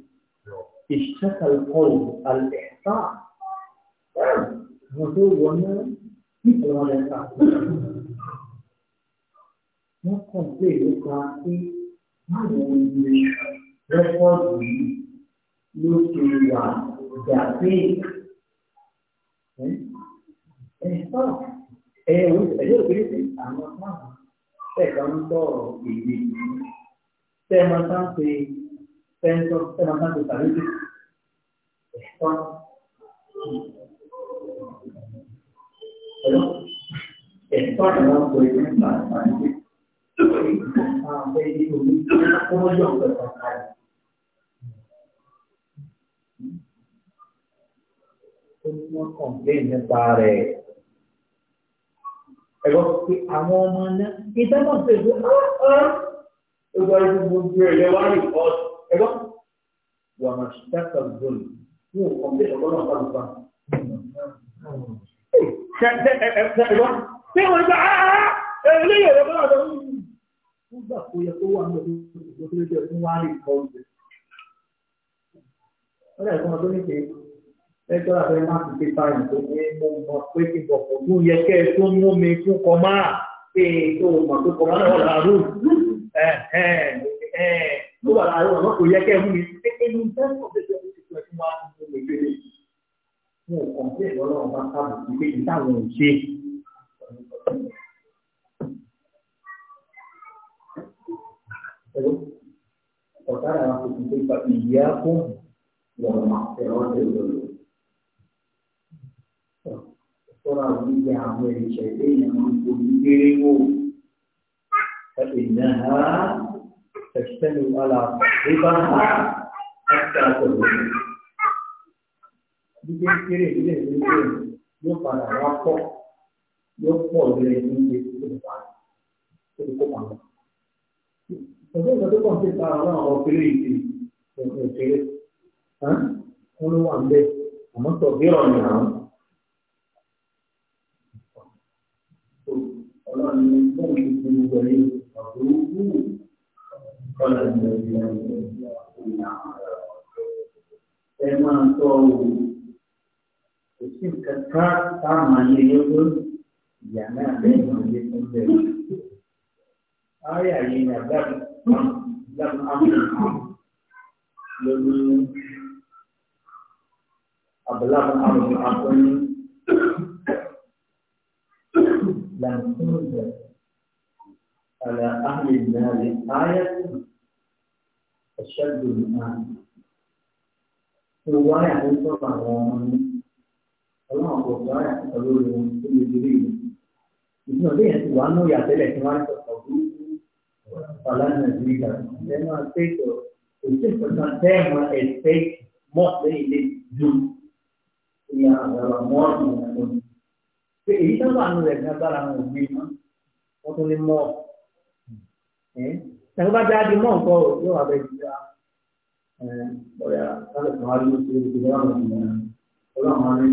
اشتكى القول الإحصاء رسول ونا مثل هذا الإحصاء ما قصدي وقاسي ما يمكن رفض لوتي وجاتي إحصاء إيه وش أجل بريد أنا ما أفهم إيه كم تو إيه tema tan pe penso tema tan si saliti esto pero esto no puede estar saliti ah pe digo como yo puedo pasar no comprende para ẹ̀rọ si àwọn ọmọ náà ìtẹ́kọ̀ọ́ ṣe fún ọ́ ọ́ ó gbọ́ ibi gbogbo ẹ̀ lẹ́wọ́n rí ọ̀dọ̀ ẹ̀gbọ́n. wà á máa ṣiṣẹ́ kàlùbọ́ọ̀lù fún ọ̀gbẹ́ ọ̀gbọ́n kàlùbá. ṣé wọ́n ah, ah, ah, gbà áá eléyìí ọ̀rọ̀ bá ọ̀dọ̀ wọ́n gbà kó yẹ kó wà lọ́dún ìgbòkèlè jẹ́ fún wàá rí ọ̀dọ̀ wọ́n dà ìfọ̀n tó ní pé ẹjọ́ àfẹ́ má ti fi ta ìbò ní mo mọ̀ pé kí n bọ̀ pọ̀ tún yẹ kẹ́ ẹ tó mú mi fún kọ́má pé tó mọ̀ pé kọ́má náà wà láàrú ló wà láàárọ̀ ọ̀nà kò yẹ kẹ́ ẹ mú mi ẹni bẹ́ẹ̀ mọ̀ bẹ́ẹ̀ bẹ́ẹ̀ ti pẹ̀lú wa nínú ìgbé lè mú o kàn sí ẹ̀rọ ọlọ́run bá káàbọ̀ sí pé ìtàwọn ò ṣe. ọ̀tá àwọn akókò tó gba ìyá fún wọn ẹ̀rọ ọ̀tẹ̀ lọ́lọ́. Sọ́ra òní jẹ́ àwọn ẹ̀ṣẹ̀ lẹ́yìn àwọn olùgbèrè wò. فإنها تشتمل على ربها حتى تظهر Bí kékeré ilé ìwé ìwé yóò padà wá pọ̀ yóò pọ̀ lórí ẹni ní ìgbà tó ti kópa lọ. Ọjọ́ ìgbà tó kàn sí ìta àwọn àwọn òkèlè ìdè òkèlè. Wọ́n ló wà ń bẹ̀ àmọ́ sọ̀bí ọ̀nà àwọn. ọlọ́run ní fún ìdíje wọlé ọ̀dọ́gbù kọ́lá ìgbàlódé ìyá ẹ máa tọ́ ọ wò kò sí nǹkan ká táwọn ayé yẹn tó ìyá náà lẹ́yìn ọ̀yẹ́ tó ń bẹ̀rẹ̀. ayé لننزل على أهل النار آية أشد الآن رواية عن الله عليه وسلم رواية تقول كل جريمة إذن ليه وأنه يعتلك رواية القبول فلا نزيد لأنه أتيت وكيف تنتهي السيف مصري للجن هي من pé èyí tó wà nù rẹ̀ ní agbára wọn ò gbé mọ́ wọ́n tún lè mọ́ ọ. Tẹ̀gbọ́n bá jáde mọ́ nǹkan o yóò wà bẹ́ẹ̀ jíjá. Bọ̀dá sálẹ̀ kan wá ló ṣe é ṣe láwọn ọmọ náà. Ọlọ́run máa ní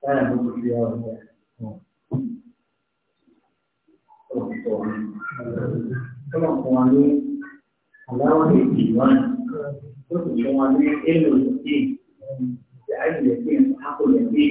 táyà ló kò fi ọ̀rọ̀ rẹ̀. Ọlọ́run fún wa ní àláwọ̀ ní ìwọ̀n. Ó sì fún wa ní èlò ìdí. Ìyá ìyẹ̀dí àkọlẹ̀ bíi.